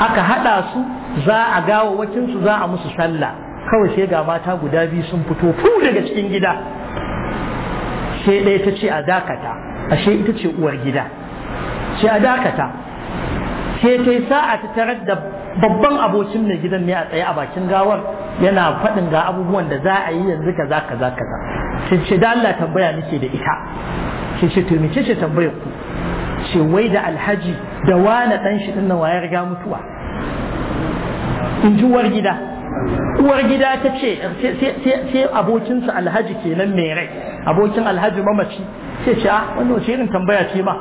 aka haɗa su za a wacinsu za a musu sallah kawai sai ga mata guda biyu sun fito fu daga cikin gida sai ɗaya ta ce a dakata ashe ita ce uwar gida ce a dakata sai ta sa'a ta tarar da babban abokin mai gidan ne a tsaye a bakin gawar yana faɗin ga abubuwan da za a yi yanzu kaza kaza kaza sai ce da Allah tambaya nake da ita sai ce to mece ce tambayar ku ce wai da alhaji da wani ɗan shi ɗin nan wayar riga mutuwa in ji uwar gida uwar gida ta ce sai abokinsa alhaji kenan mai rai abokin alhaji mamaci sai ce a ah, wannan wace irin tambaya ce ma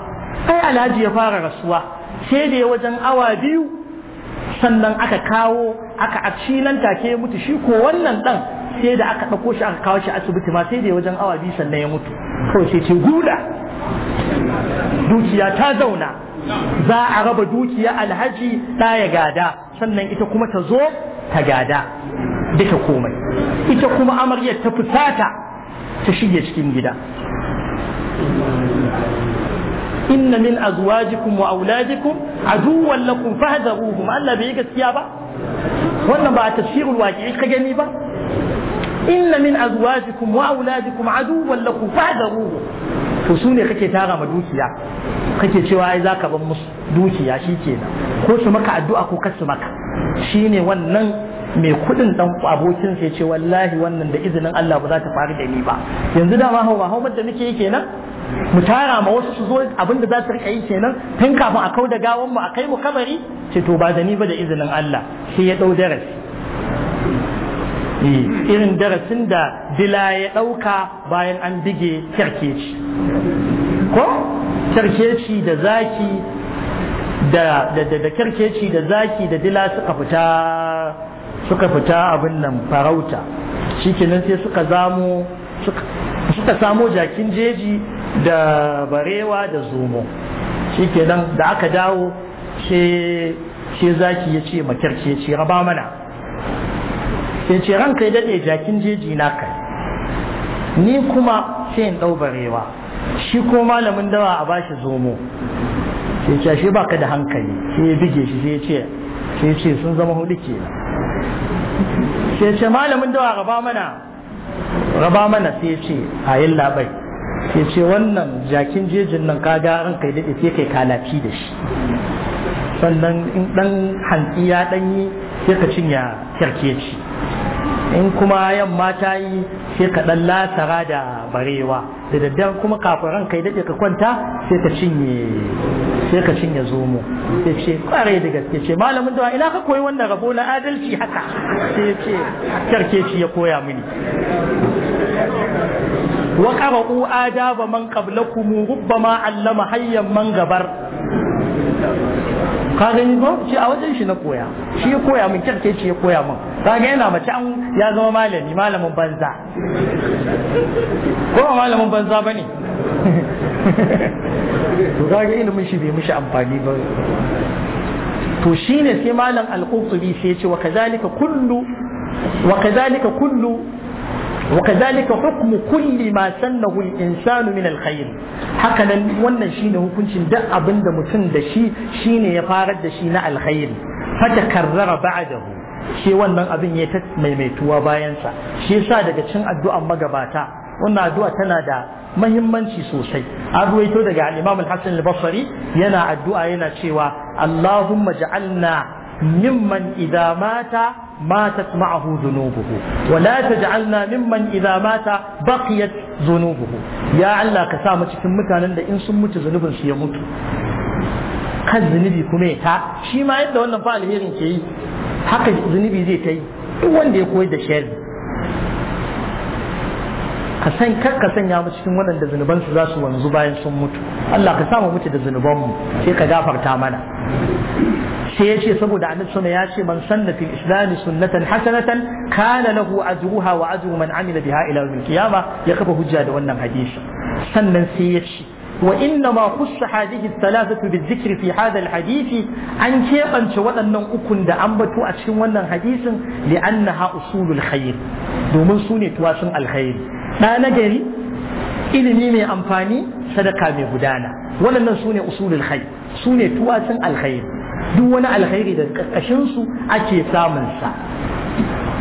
Sai alhaji ya fara rasuwa sai da ya wajen awa biyu sannan aka kawo aka a cinan take ya mutu shi ko wannan dan sai da aka ɗauko shi aka kawo shi asibiti ma sai da ya wajen awa biyu sannan ya mutu kawai sai ce guda dukiya ta zauna za a raba dukiya alhaji ta ya gada sannan ita kuma ta zo ta gada duka komai ita kuma amaryar ta fusata ta shige cikin gida inna min azwajikum wa auladikum aduwwan lakum fahdharuhum Allah bai gaskiya ba wannan ba a tafsirul waqi'i ka gani ba inna min أزواجكم وأولادكم auladikum aduwwan lakum fahdaruhu to su ne kake tara ma dukiya kake cewa ai zaka ban musu dukiya shikenan ko su maka addu'a ko kasu maka shine wannan mai kudin dan abokin sai ce wallahi wannan da izinin Allah ba za ta faru da ni ba yanzu dama hau ba hawa da nake kenan mu tara ma wasu su zo abin da za su rika yi kenan tun kafin a kau da gawan mu a kai mu kabari ce to ba da ni ba da izinin Allah sai ya dau darasi irin darasin da dila ya ɗauka bayan an bige kyarkeci ko kyarkeci da zaki da da kyarkeci da zaki da dila suka fita suka fita abin nan farauta shikenan sai suka zamo suka samo jakin jeji da barewa da zomo shikenan da aka dawo sai zaki ya ce makyarkeci raba mana sai ce ranka ya daɗe jakin jeji na kai ni kuma sai in ɗau barewa shi ko malamin dawa a bashi zomo sai ce shi baka da hankali sai ya bige shi sai ce sai ce sun zama hudu ke sai ce malamin dawa raba mana raba mana sai ce a yin labai sai ce wannan jakin jejin nan kaga an kai daɗe sai kai kalafi da shi sannan in ɗan hantsi ya ɗanyi sai ka cinya kyarkeci in kuma yamma ta yi sai ka ɗan lasara da barewa da daddare kuma kafin ran kai daɗe ka kwanta sai ka cinye sai ka cinye zomo sai ce kware da gaske ce malamin da ina ka koyi wannan rabo na adalci haka sai ce karke shi ya koya mini wa qara'u adaba man qablakum rubbama allama hayyan man gabar ka gani ba ce a wajen shi na koya shi ya koya min kyarke shi ya koya min kaga yana mace an ya zama malami malamin banza ko malamin banza bane <laughs> to kaga mun shi bai mishi amfani ba to shine sai malam al-qurtubi sai ya ce wa kazalika kullu wa kazalika kullu wa وكذلك حكم كل ما سنه الإنسان من الخير هكذا wannan shine hukuncin duk abinda mutum da shi shine ya farar da shi na alkhairi fatakarrara ba'dahu shi wannan abin ya ta maimaituwa bayansa shi yasa daga cin addu'an magabata wannan addu'a tana da mahimmanci sosai an ruwaito daga al-Imam al-Hasan al-Basri yana addu'a yana cewa Allahumma ja'alna mimman idza mata matat ma'ahu dhunubuhu wa la taj'alna mimman idza mata baqiyat dhunubuhu ya Allah ka sa mu cikin mutanen da in sun mutu zunubin su ya mutu kan zunubi kuma ya ta shi ma yadda wannan fa alherin ke yi haka zunubi zai ta yi duk wanda ya koyar da shari ka san kar ka sanya mu cikin waɗanda zunubansu za su wanzu bayan sun mutu Allah ka samu mutu da zunubanmu sai ka gafarta mana sai ya ce saboda annabi sama ya ce man sanna fil islam sunnatan hasanatan kana lahu ajruha wa ajru man amila biha ila yawm qiyamah ya kafa hujja da wannan hadisi sannan sai ya ce وإنما خص هذه الثلاثة بالذكر في هذا الحديث عن كيف أن شوالنا أكن دا أنبتو أتشوانا حديث لأنها أصول الخير دومن سوني تواسن الخير ما نجري ilimi mai amfani sadaka mai gudana waɗannan su ne usulul khair su ne tuwacin alkhairi duk wani alkhairi da ƙarƙashin ake samun sa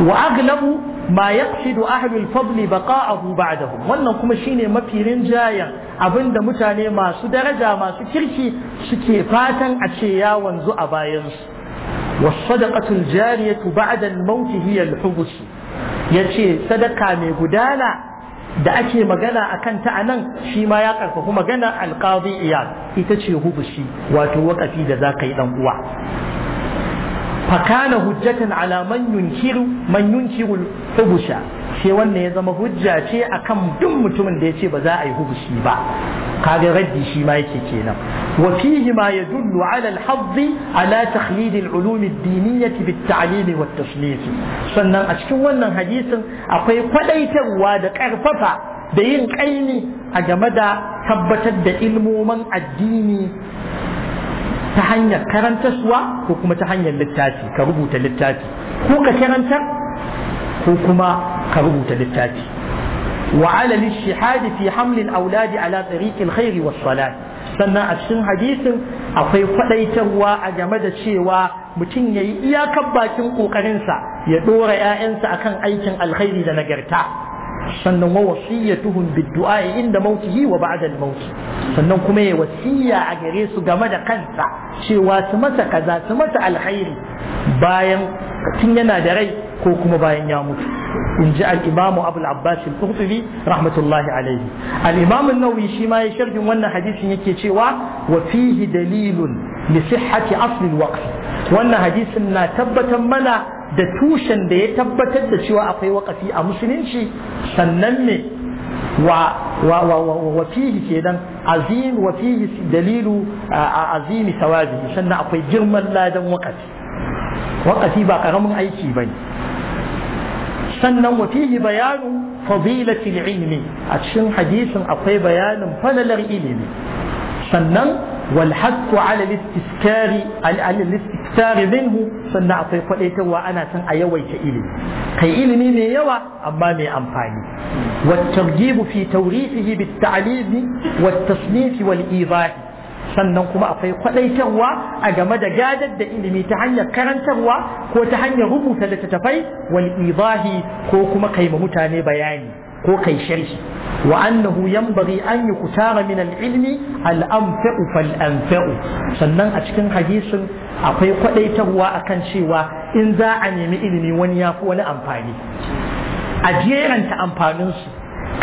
wa aglabu ma yaqsidu baƙa fadli baqa'ahu hu? wannan kuma shine mafi rinjayen abinda mutane masu daraja masu kirki suke fatan a ce ya wanzu a bayansu su wasadaqatul jariyatu ba'da al-maut hiya al-hubus yace sadaka mai gudana da ake magana a kanta a nan shi ma ya karfafi magana alƙadi iyal ita ce hubushi wato wakafi da za ka yi ɗan uwa fakana hujjatan ala man yunkiru sai wannan ya zama hujja ce akan duk mutumin da ya ce ba za a yi hubushi ba kaga raddi shima yake kenan wa fihi ma yadullu ala al-hadd ala takhlid al-ulum ad-diniyyah bit-ta'lim wa at sannan a cikin wannan hadisin akwai kwadaitarwa da ƙarfafa da yin ƙaini a game da tabbatar da ilmoman addini ta hanyar karantarsuwa ko kuma ta hanyar littafi ka rubuta littafi ko ka karantar ko kuma ka rubuta littafi wa ala lishihadi fi hamlin auladi ala tariqil khairi was salat sannan a cikin hadisin akwai kwadaitarwa a game da cewa mutum ya yi iyakar bakin kokarinsa ya dora 'ya'yansa akan aikin alkhairi da nagarta sannan wa wasiyatuhum inda mautihi wa ba'da al-maut sannan kuma ya wasiya a gare su game da kansa cewa su masa kaza su masa alkhairi bayan tun yana da rai ko kuma bayan ya mutu in ji al-imamu abbas al-qurtubi rahmatullahi alayhi al-imam an-nawawi shi ma ya sharhin wannan hadisin yake cewa wa fihi dalilun li sihhati asli al-waqf wannan hadisin na tabbatar mana da tushen da ya tabbatar da cewa akwai wakafi a musulunci sannan ne wa wa ke wa fihi kenan azim wa fihi dalilu azimi sawabi sannan akwai girman ladan wakafi wakafi ba karamin aiki ne sannan wa fihi bayanu fadilati ilmi a cikin hadisin akwai bayanin falalar ilimi sannan والحق على الاستكثار على الاستكثار منه sannan akwai kwadaitarwa ana san a yawaita ilimi kai ilimi mai yawa amma mai amfani والترغيب في توريثه بالتعليم والتصنيف والإيضاح sannan kuma akwai kwadaitarwa a game da gadar da ilimi ta hanyar karantarwa ko ta hanyar rubuta littattafai wal idahi ko kuma kai mutane bayani ko kai sharhi wa annahu yanbaghi an yukutara min al-ilmi al-anfa'u fal-anfa'u sannan a cikin hadisin akwai kwadaitarwa akan cewa in za a nemi ilimi wani ya fi wani amfani a jeranta amfanin su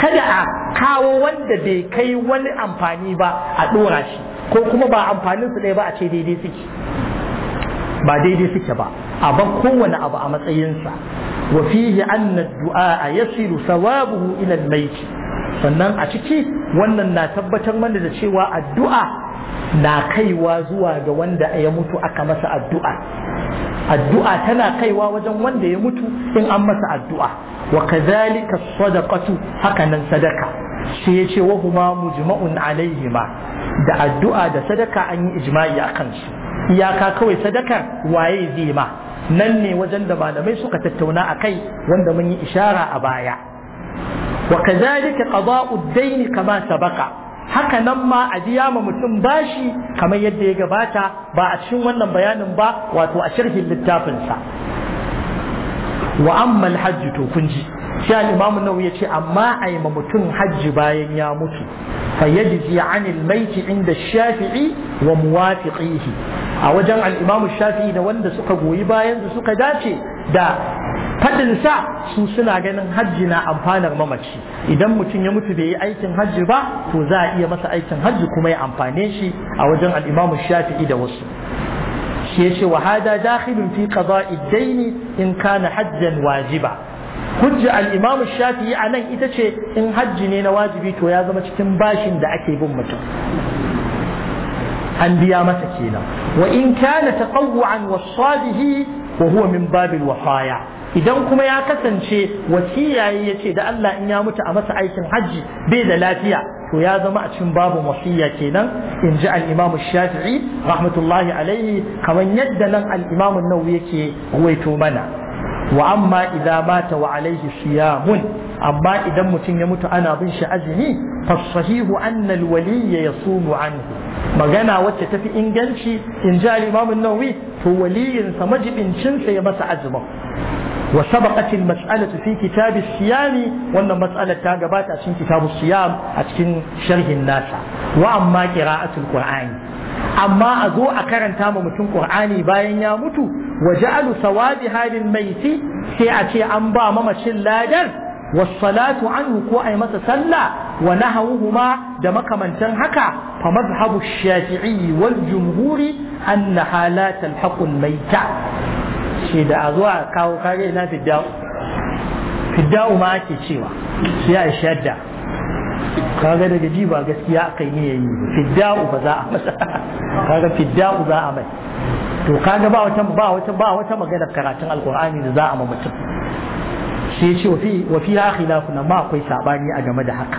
kada a kawo wanda bai kai wani amfani ba a dora shi ko kuma ba amfanin su ɗaya ba a ce daidai suke ba daidai suke ba a bar kowane abu a matsayinsa وفيه أن الدعاء يصل ثوابه إلى الميت sannan a ciki wannan na tabbatar mana da cewa addu'a na kaiwa zuwa ga wanda ya mutu aka masa addu'a addu'a tana kaiwa wajen wanda ya mutu in an masa addu'a wa kazalika sadaqatu haka nan sadaka sai ya ce wa huma mujma'un alaihima da addu'a da sadaka an yi ijma'i a su iyaka kawai sadaka waye zai ma nan ne wajen da malamai suka tattauna a kai wanda mun yi ishara a baya wa kazalika qada'u ad-dayn kama sabaqa haka nan ma a biya ma mutum bashi kamar yadda ya gabata ba a cikin wannan bayanin ba wato a sharhin littafin sa wa amma al-hajj to kun ji sai al-imam nawawi yace amma ai ma mutum hajji bayan ya mutu fa yajzi anil maiti inda shafi'i wa muwafiqihi a wajen al-imam shafi'i da wanda suka goyi bayan su suka dace da sa su suna ganin hajji na amfanar mamaci idan mutum ya mutu bai yi aikin hajji ba to za a iya masa aikin hajji kuma ya amfane shi a wajen al-imam shafi'i da wasu shi yace wa hada dakhilun fi qada'i ad in kana hajjan wajiba hujja Al'imamu shafi'i a nan ita ce in hajji ne na wajibi to ya zama cikin bashin da ake bin mutum an biya masa kenan wa in kana taqawwan wasadihi wa huwa min babil wafaya idan kuma ya kasance wasiya ya ce da Allah in ya mutu a masa aikin hajji bai da lafiya to ya zama a cikin babun wasiya kenan in ji al-Imam Shafi'i rahmatullahi alaihi kamar yadda nan al-Imam Nawawi yake ruwaito mana wa amma idza mata wa alaihi siyamun amma idan mutum ya mutu ana bin shi azumi fasahihu anna alwaliy yasumu anhu magana wacce tafi inganci in ji al-imam an-nawawi to waliyin sa majibincin sa ya masa azumin wa sabaqat al-mas'alatu fi kitab as-siyam wannan mas'alar ta gabata cikin kitab as-siyam a cikin sharhin nasa wa amma qira'atul qur'ani amma a zo a karanta ma mutum qur'ani bayan ya mutu wa ja'alu sawabi halin maiti sai a ce an ba mamacin ladar salatu anhu ko ai masa sallah wa nahawuhuma da makamantan haka fa mazhabu shafi'i wal jumhuri anna halat al haqq maita shi da a zo a kawo kare na fidda'u fidda'u ma ake cewa sai a shadda kaga daga ji ba gaskiya aka yi yayi fidda'u ba za a masa kaga fidda'u za a mai to kaga ba wata ba wata ba wata magana karatun alqur'ani da za a ma mutum sai yace wa fi wa fi na ma akwai sabani a game da haka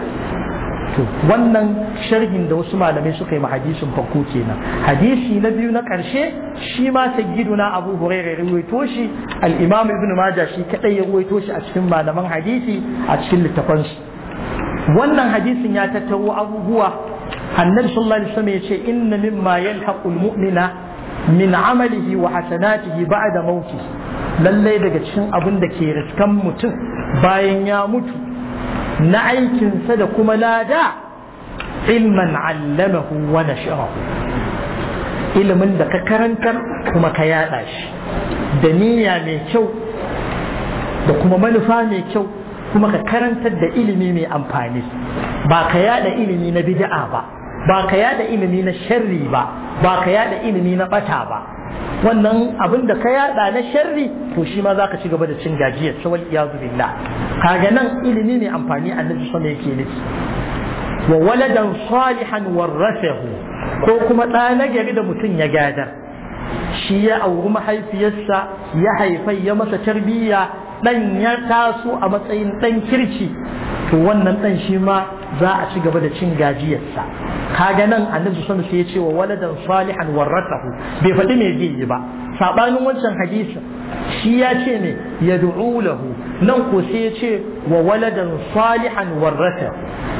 to wannan sharhin da wasu malamai suka yi ma hadisin farko kenan hadisi na biyu na karshe shi ma giduna abu hurairah ruwaito shi al-imam ibn majah shi kadai ya ruwaito shi a cikin malaman hadisi a cikin littafansu wannan hadisin ya tattaro abubuwa annabi sallallahu alaihi wasallam yace inna mimma yalhaqul mu'mina min amalihi wa hasanatihi ba'da mauti lallai daga cikin abin da ke riskan mutum bayan ya mutu na aikinsa da kuma lada ilman allamahu wa nasharahu ilimin da ka karantar kuma ka yada shi da niyya mai kyau da kuma manufa mai kyau kuma ka karantar da ilimi mai amfani ba ka yada ilimi na bid'a ba ba ka yada ilimi na sharri ba ba ka yada ilimi na bata ba wannan abin da ka yada na sharri to shi ma zaka ci gaba da cin gajiyar sawal iyazu billah kaga nan ilimi mai amfani annabi sallallahu alaihi wasallam yake nufi wa waladan salihan warathahu ko kuma ɗa na gari da mutum ya gadar shi ya auri mahaifiyarsa ya haifai ya masa tarbiyya ɗan ya taso a matsayin ɗan kirki to wannan ɗan shi ma za a ci gaba da cin gajiyarsa kaga nan annabi sallallahu alaihi ya ce wa waladan salihan warrathahu bai faɗi mai zai ba sabanin wancan hadisi shi ya ce ne yad'u lahu nan ko sai ya ce wa waladan salihan warrathahu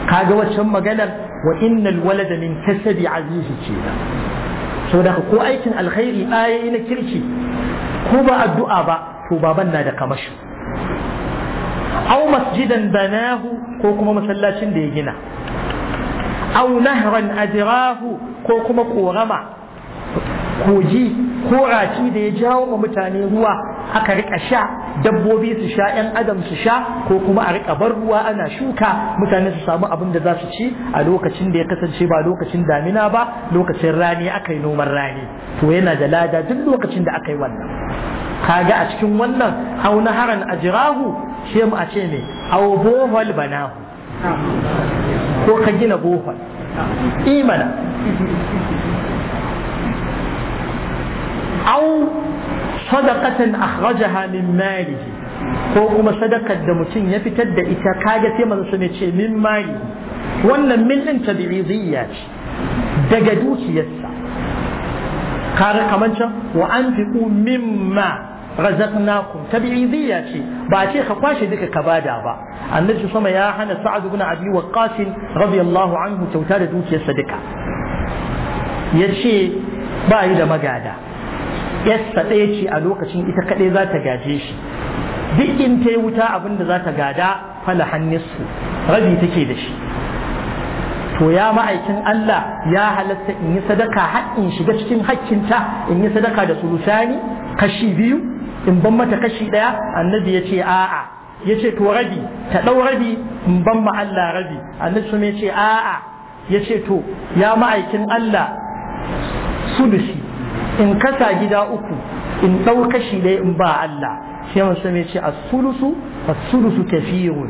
kaga waccan maganar wa innal walada min kasabi azizi ce saboda ko aikin alkhairi ayi na kirki ko ba addu'a ba to baban na da kamashi aw masjidan banahu ko kuma masallacin da ya gina aw nahran ko kuma korama koji ko rafi da ya jawo wa mutane ruwa aka riƙa sha dabbobi su sha yan adam su sha ko kuma a riƙa bar ruwa ana shuka mutane su samu abin da za su ci a lokacin da ya kasance ba lokacin damina ba lokacin rani aka yi noman rani to yana da lada duk lokacin da aka yi wannan kaga a cikin wannan au naharan ajrahu shi mu a ce ne au bohol banahu ko ka gina bohol imana au sadaqatan akhrajaha min malihi ko kuma sadakar da mutum ya fitar da ita kaga sai manzo sai ce min mali wannan min din tabi'idiyya ce daga dukiyarsa kare kaman can wa anfiqu mimma razaqnakum tabi'idiyya ce ba ce ka kwashe duka ka bada ba annabi sama ya hana sa'ad ibn abi waqqas radiyallahu anhu kyauta da dukiyarsa duka yace ba yi da magada yassa ɗaya ce a lokacin ita kaɗai za ta gaje shi duk in ta yi wuta abin da za ta gada fala hannisu rabi take da shi to ya ma'aikin Allah ya halatta in yi sadaka har in shiga cikin hakkinta in yi sadaka da sulusani kashi biyu in ban mata kashi ɗaya annabi ya ce a'a ya ce to rabi ta ɗau rabi in ban ma Allah rabi annabi su ya ce a'a ya ce to ya ma'aikin Allah sulusi in kasa gida uku in ɗau kashi ɗaya in ba Allah sai mun sami ce as-sulusu as-sulusu kafirun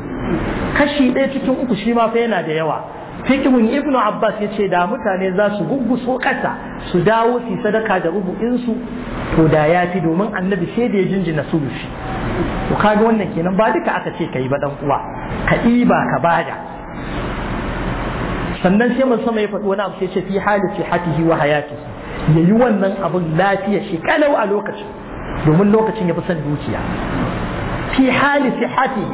kashi ɗaya cikin uku shi ma fa yana da yawa fikimun ibnu abbas ya ce da mutane za su gugguso ƙasa su dawo su sadaka da rubu'insu to da ya fi domin annabi sai da ya jinjina sulusi to kaga wannan kenan ba duka aka ce kai ba dan uwa ka ɗiba ka bada sannan sai mun sama ya faɗi wani abu sai ce fi hali hatihi wa hayatihi ya yi wannan abin lafiya shi kalau a lokacin domin lokacin ya fi son dukiya fi hali fi hati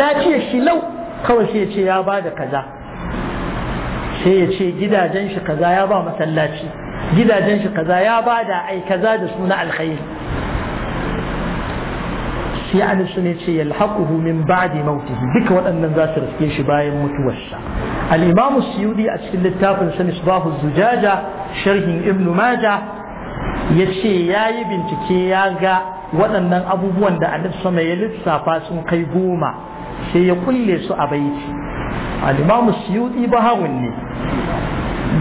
lafiyar shi lau kawai shi ya ce ya ba da kaza sai ya ce gidajen shi kaza ya ba masallaci gidajen shi kaza ya ba da ai kaza da suna alkhairi sai an su ne ce yalhaquhu min ba'di mautihi duka waɗannan za su riske shi bayan mutuwarsa al-imam suyudi a cikin littafin sa misbahu zujaja sharhin ibn maja ya ce ya yi bincike ya ga waɗannan abubuwan da annabi sama ya lissafa sun kai goma sai ya kulle su a baiti al-imamu suyuti bahawun ne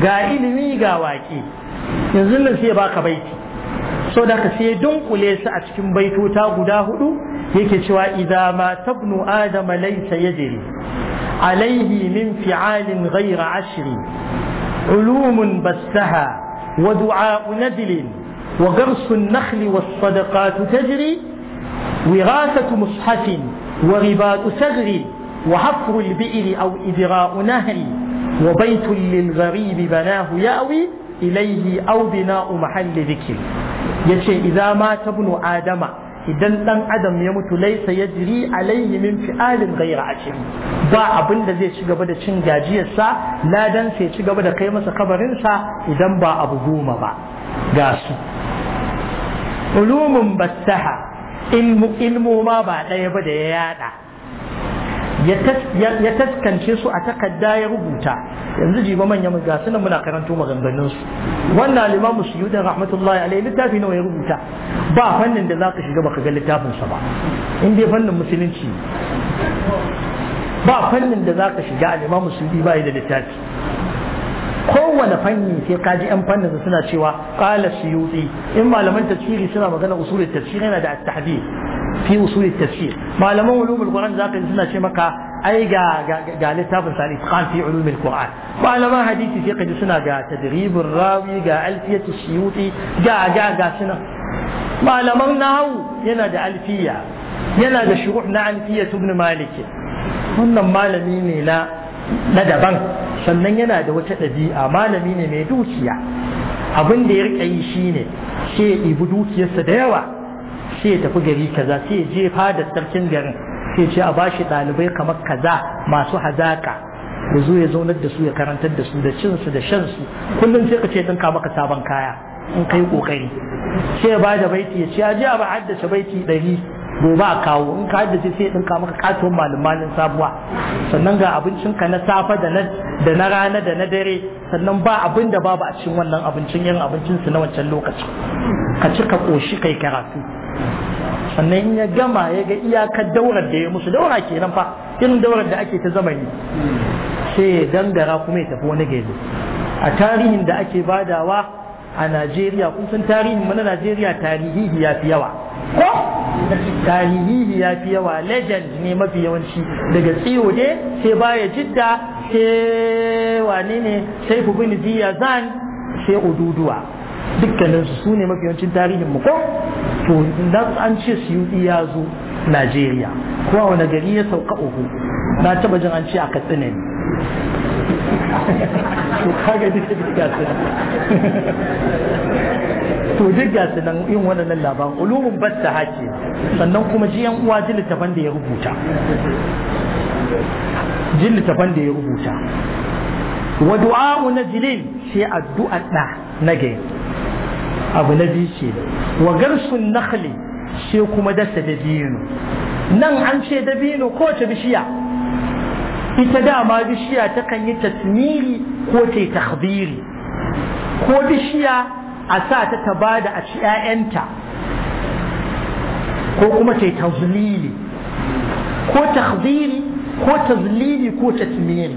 ga ilimi ga waƙe yanzu nan sai baka baiti so da ka sai dunkule su a cikin baitota guda hudu yake cewa idza ma tabnu adama laysa yajri alaihi min fi'alin ghayra ashri علوم بثها ودعاء ندل وغرس النخل والصدقات تجري وراثة مصحف ورباط ثغر وحفر البئر أو إدراء نهر وبيت للغريب بناه يأوي إليه أو بناء محل ذكر يشي إذا مات ابن آدم idan dan adam ya mutu laisa yajri alayhi min fi'alin ghayra ajri ba abin da zai ci gaba da cin gajiyarsa ladan sai ci gaba da kai masa kabarinsa idan ba abu goma ba ga su ulumun battaha ilmu ilmu ma ba ɗaya ba da ya yada ya taskance su a takarda ya rubuta yanzu jiba manya mu gasu nan muna karanto maganganun su wannan limamu suyudin rahmatullahi alaihi littafi nawa ya rubuta ba fannin da za ka shiga baka ga littafin sa ba in dai fannin musulunci ba fannin da za ka shiga al-imamu suyudi ba da littafi kowane fanni sai kaji yan fannin suna cewa kala suyudi in malaman tafsiri suna magana usulul tafsir yana da at-tahdid fi usul tafsir malaman al qur'an zaka suna ce maka ai ga ga littafin sa al-itqan fi al qur'an malaman hadisi fi kaji suna ga tadribur rawi ga alfiyatu suyuti ga ga ga suna malaman nahawu yana da alfiya yana da shuruh na alfiya ibn malik wannan malami ne na na daban sannan yana da wata ɗabi'a malami ne mai dukiya abin da ya rike yi shine sai ibi dukiyarsa da yawa sai ya tafi gari kaza sai ya je fada sarkin garin sai ce a bashi ɗalibai kamar kaza masu hazaka ya zo ya zaunar da su ya karantar da su da cinsu da shan su kullum sai ka ce ɗinka maka sabon kaya in kai kokari sai ya bada baiti ya ce a je a haddace baiti ɗari gobe a kawo in ka haddace sai ya ɗinka maka katon malin sabuwa sannan ga abincin ka na safa da na da na rana da na dare sannan ba abin da babu a cikin wannan abincin yin abincinsu na wancan lokaci, ka ci ka ƙoshi kai karatu sannan ya gama ya ga iyakar daurar da ya musu daura kenan fa irin daurar da ake ta zamani sai ya dangara kuma ya tafi wani gari a tarihin da ake badawa a Najeriya kun san tarihin mana Najeriya tarihi ya fi yawa ko tarihi ya fi yawa legend ne mafi yawanci daga tsiyo ne sai baya jidda sai wane ne sai kubin zan sai ududuwa dukkaninsu su ne mafi yawancin tarihin mu ko to dan an ce suyuɗi ya zo najeriya ko a wani gari ya sauka uku na taba jin an ce a katsina ne to kaga duka duka su to duk ga su nan yin waɗannan labaran ulumin batta hake sannan kuma ji yan uwa jin littafan da ya rubuta ji littafan da ya rubuta wa du'a'u najlin sai addu'a da nagayi abu na biyu ke da wa garsun nakhli sai kuma dasa dabino nan an ce dabino ko ta bishiya ita dama bishiya ta kan yi tasmiri ko ta yi ko bishiya a sa ta ta bada a ci 'ya'yanta ko kuma ta yi tazlili ko takbiri ko tazlili ko tasmiri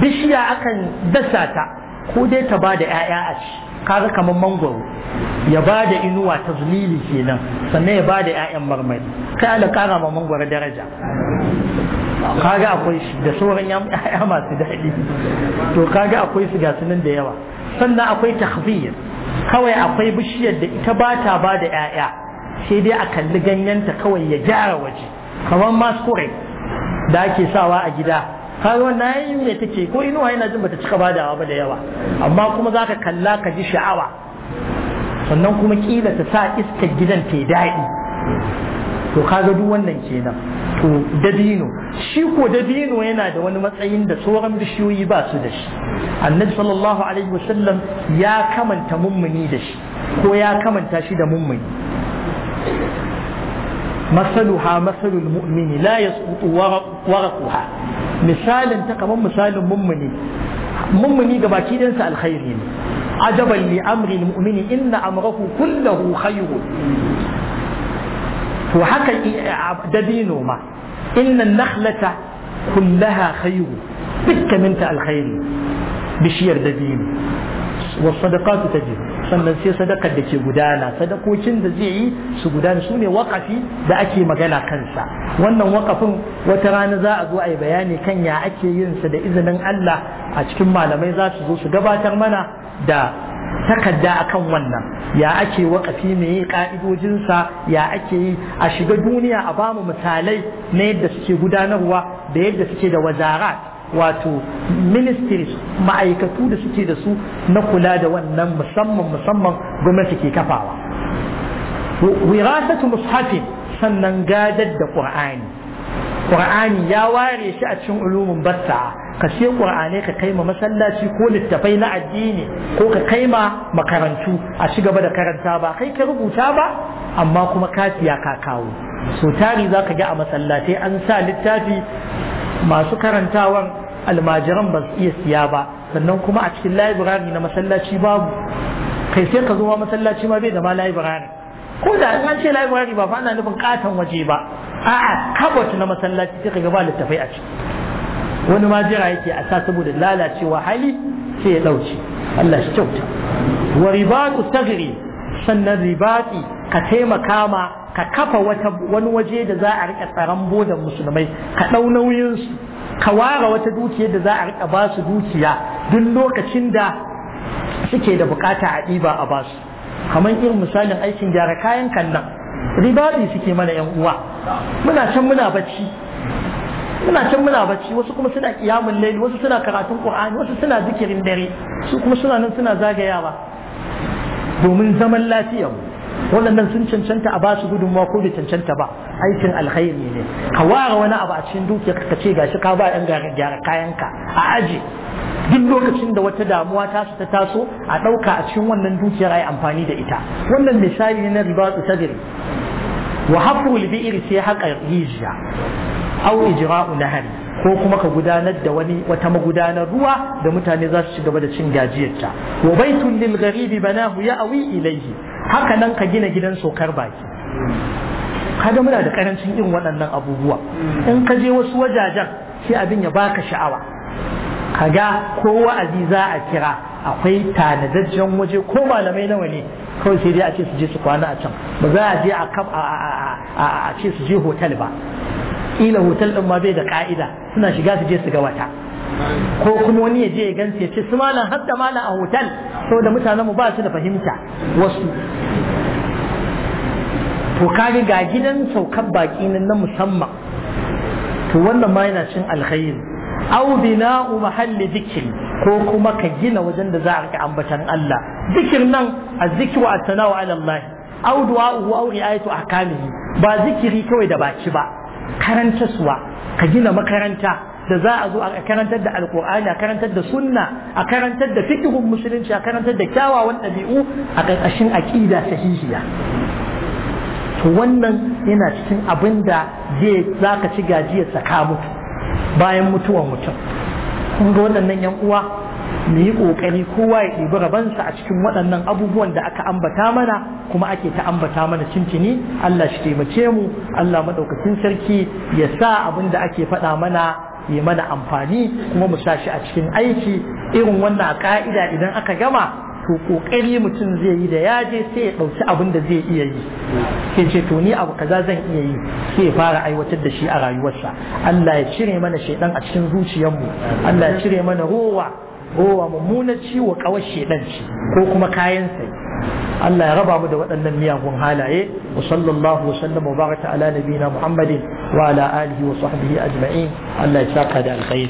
bishiya akan dasa ta ko dai ta bada 'ya'ya a ci kaga kamar mangwaro ya ba da inuwa ta zulili kenan sannan ya ba da 'ya'yan marmari kai ala kara ma mangwaro daraja kaga akwai shi da sauran 'ya'ya masu daɗi to kaga akwai su ga sunan da yawa sannan akwai tahzir kawai akwai bishiyar da ita ba ta ba da 'ya'ya sai dai a kalli ganyenta kawai ya gyara waje kamar masquerade da ake sawa a gida kaga wannan yayi ne take ko inuwa yana jin bata cika badawa ba da yawa amma kuma zaka kalla ka ji sha'awa sannan kuma kila ta sa iskar gidan ta daɗi to kaga duk wannan kenan to dabino shi ko dabino yana da wani matsayin da sauran bishiyoyi ba su da shi annabi sallallahu alaihi wasallam ya kamanta mummuni da shi ko ya kamanta shi da mummuni مثلها مثل المؤمن لا يسقط ورقها مثال انت كمان مثال ممني ممني جباكي ينسى الخير عجبا لأمر المؤمن إن أمره كله خير وحكى ددينو ما إن النخلة كلها خير بك منت الخير بشير ددين والصدقات تجد sannan sai sadakar da ke gudana sadakokin da zai yi su gudana su ne wakafi da ake magana kansa wannan wakafin wata rana za a zo a yi bayani kan ya ake yin sa da izinin Allah a cikin malamai za su zo su gabatar mana da takarda akan wannan ya ake wakafi mai ka'idojinsa ya ake yi a shiga duniya a bamu misalai na yadda suke gudanarwa da yadda suke da wazarat wato ministries ma'aikatu da suke da su na kula da wannan musamman musamman gwamnati ke kafawa wirasatu mushafin sannan gadar da qur'ani qur'ani ya ware shi a cikin ulumin batta ka sai qur'ani ka kai ma masallaci ko littafai na addini ko ka kai ma makarantu a ci gaba da karanta ba kai ka rubuta ba amma kuma katiya ka kawo so tari zaka ga a masallatai an sa littafi masu karantawan almajiran ba su iya siya ba sannan kuma a cikin laibirari na masallaci babu kai sai ka zo ma masallaci ma bai da ma laibirari ko da an ce laibirari ba fa ana nufin katon waje ba a'a kabot na masallaci sai ka ga ba littafai a ciki wani ma jira yake a sa saboda lalacewa hali sai ya dauce Allah shi kyauta wa ribatu sagri sannan ribati ka taimaka ma ka kafa wata wani waje da za a rika tsaron bodan musulmai ka ɗau nauyin su ka ware wata dukiyar da za a rika ba su dukiya duk lokacin da suke da bukata a ɗiba a ba su kamar irin misalin aikin gyara kayan kannan ribaɗi suke mana yan uwa muna can muna bacci muna can muna bacci wasu kuma suna kiyamun laili wasu suna karatun qur'ani wasu suna zikirin dare su kuma suna nan suna zagayawa domin zaman lafiyar mu waɗannan sun cancanta a basu gudunmawa ko bai cancanta ba aikin alkhairi ne ka ware wani abu a cikin dukiya ka ce gashi ka ba yan gyara kayanka a aji duk lokacin da wata damuwa ta ta taso a ɗauka a cikin wannan dukiyar ai amfani da ita wannan misali ne na riba sadri wa hafru bi'ir sai haƙa rijiya au ijra'u nahari ko kuma ka gudanar da wani wata magudanar ruwa da mutane za su ci gaba da cin gajiyarta wa baitun lil gharibi banahu ya'wi ilayhi haka nan ka gina gidan sokar baki kada muna da karancin yin waɗannan abubuwa in ka je wasu wajajen sai abin ya baka sha'awa Ka ga ko wa'azi za a kira akwai tanadajjen waje ko malamai nawa ne kawai sai dai a ce su je su kwana a can ba za a je a kam a ce su je hotel ba kila hotel ɗin ma bai da ka'ida suna shiga su je su ga wata ko kuma wani ya je ya gansa ya ce su malam har da malam a hotel saboda mutanen mu ba su da fahimta wasu to kaga ga gidan saukar baki nan na musamman to wannan ma yana cin alkhairi aw bina'u mahalli dhikri ko kuma ka gina wajen da za a rika ambatan Allah zikir nan azzikru wa tanawu ala Allah aw du'a'uhu aw ri'ayatu ahkamihi ba zikiri kawai da baki ba Karanta karantaswa ka gina makaranta da za a zo a karantar da alkur'ani a karantar da sunna a karantar da fikihun musulunci a karantar da kyawawan ɗabi'u a ƙarƙashin aƙida sahihiya to wannan yana cikin abin da zai za ka ci gajiya saka mutu bayan mutuwan mutum kun ga waɗannan yan uwa mu yi ƙoƙari kowa ya ɗibi rabansa a cikin waɗannan abubuwan da aka ambata mana kuma ake ta ambata mana cincini Allah shi taimake mu Allah maɗaukacin sarki ya sa abin da ake faɗa mana yi mana amfani kuma mu sa shi a cikin aiki irin wannan ka'ida idan aka gama to kokari mutum zai yi da yaje sai ya dauki abin da zai iya yi sai ce to ni abu kaza zan iya yi sai ya fara aiwatar da shi a rayuwarsa Allah ya cire mana shaidan a cikin zuciyarmu Allah ya cire mana ruwa. rowa mummunar ciwo kawar shedan ci ko kuma kayan sai Allah ya raba mu da waɗannan miyagun halaye wa sallallahu wa sallam wa baraka ala nabiyina Muhammadin wa ala alihi wa sahbihi ajma'in Allah ya saka da alkhairi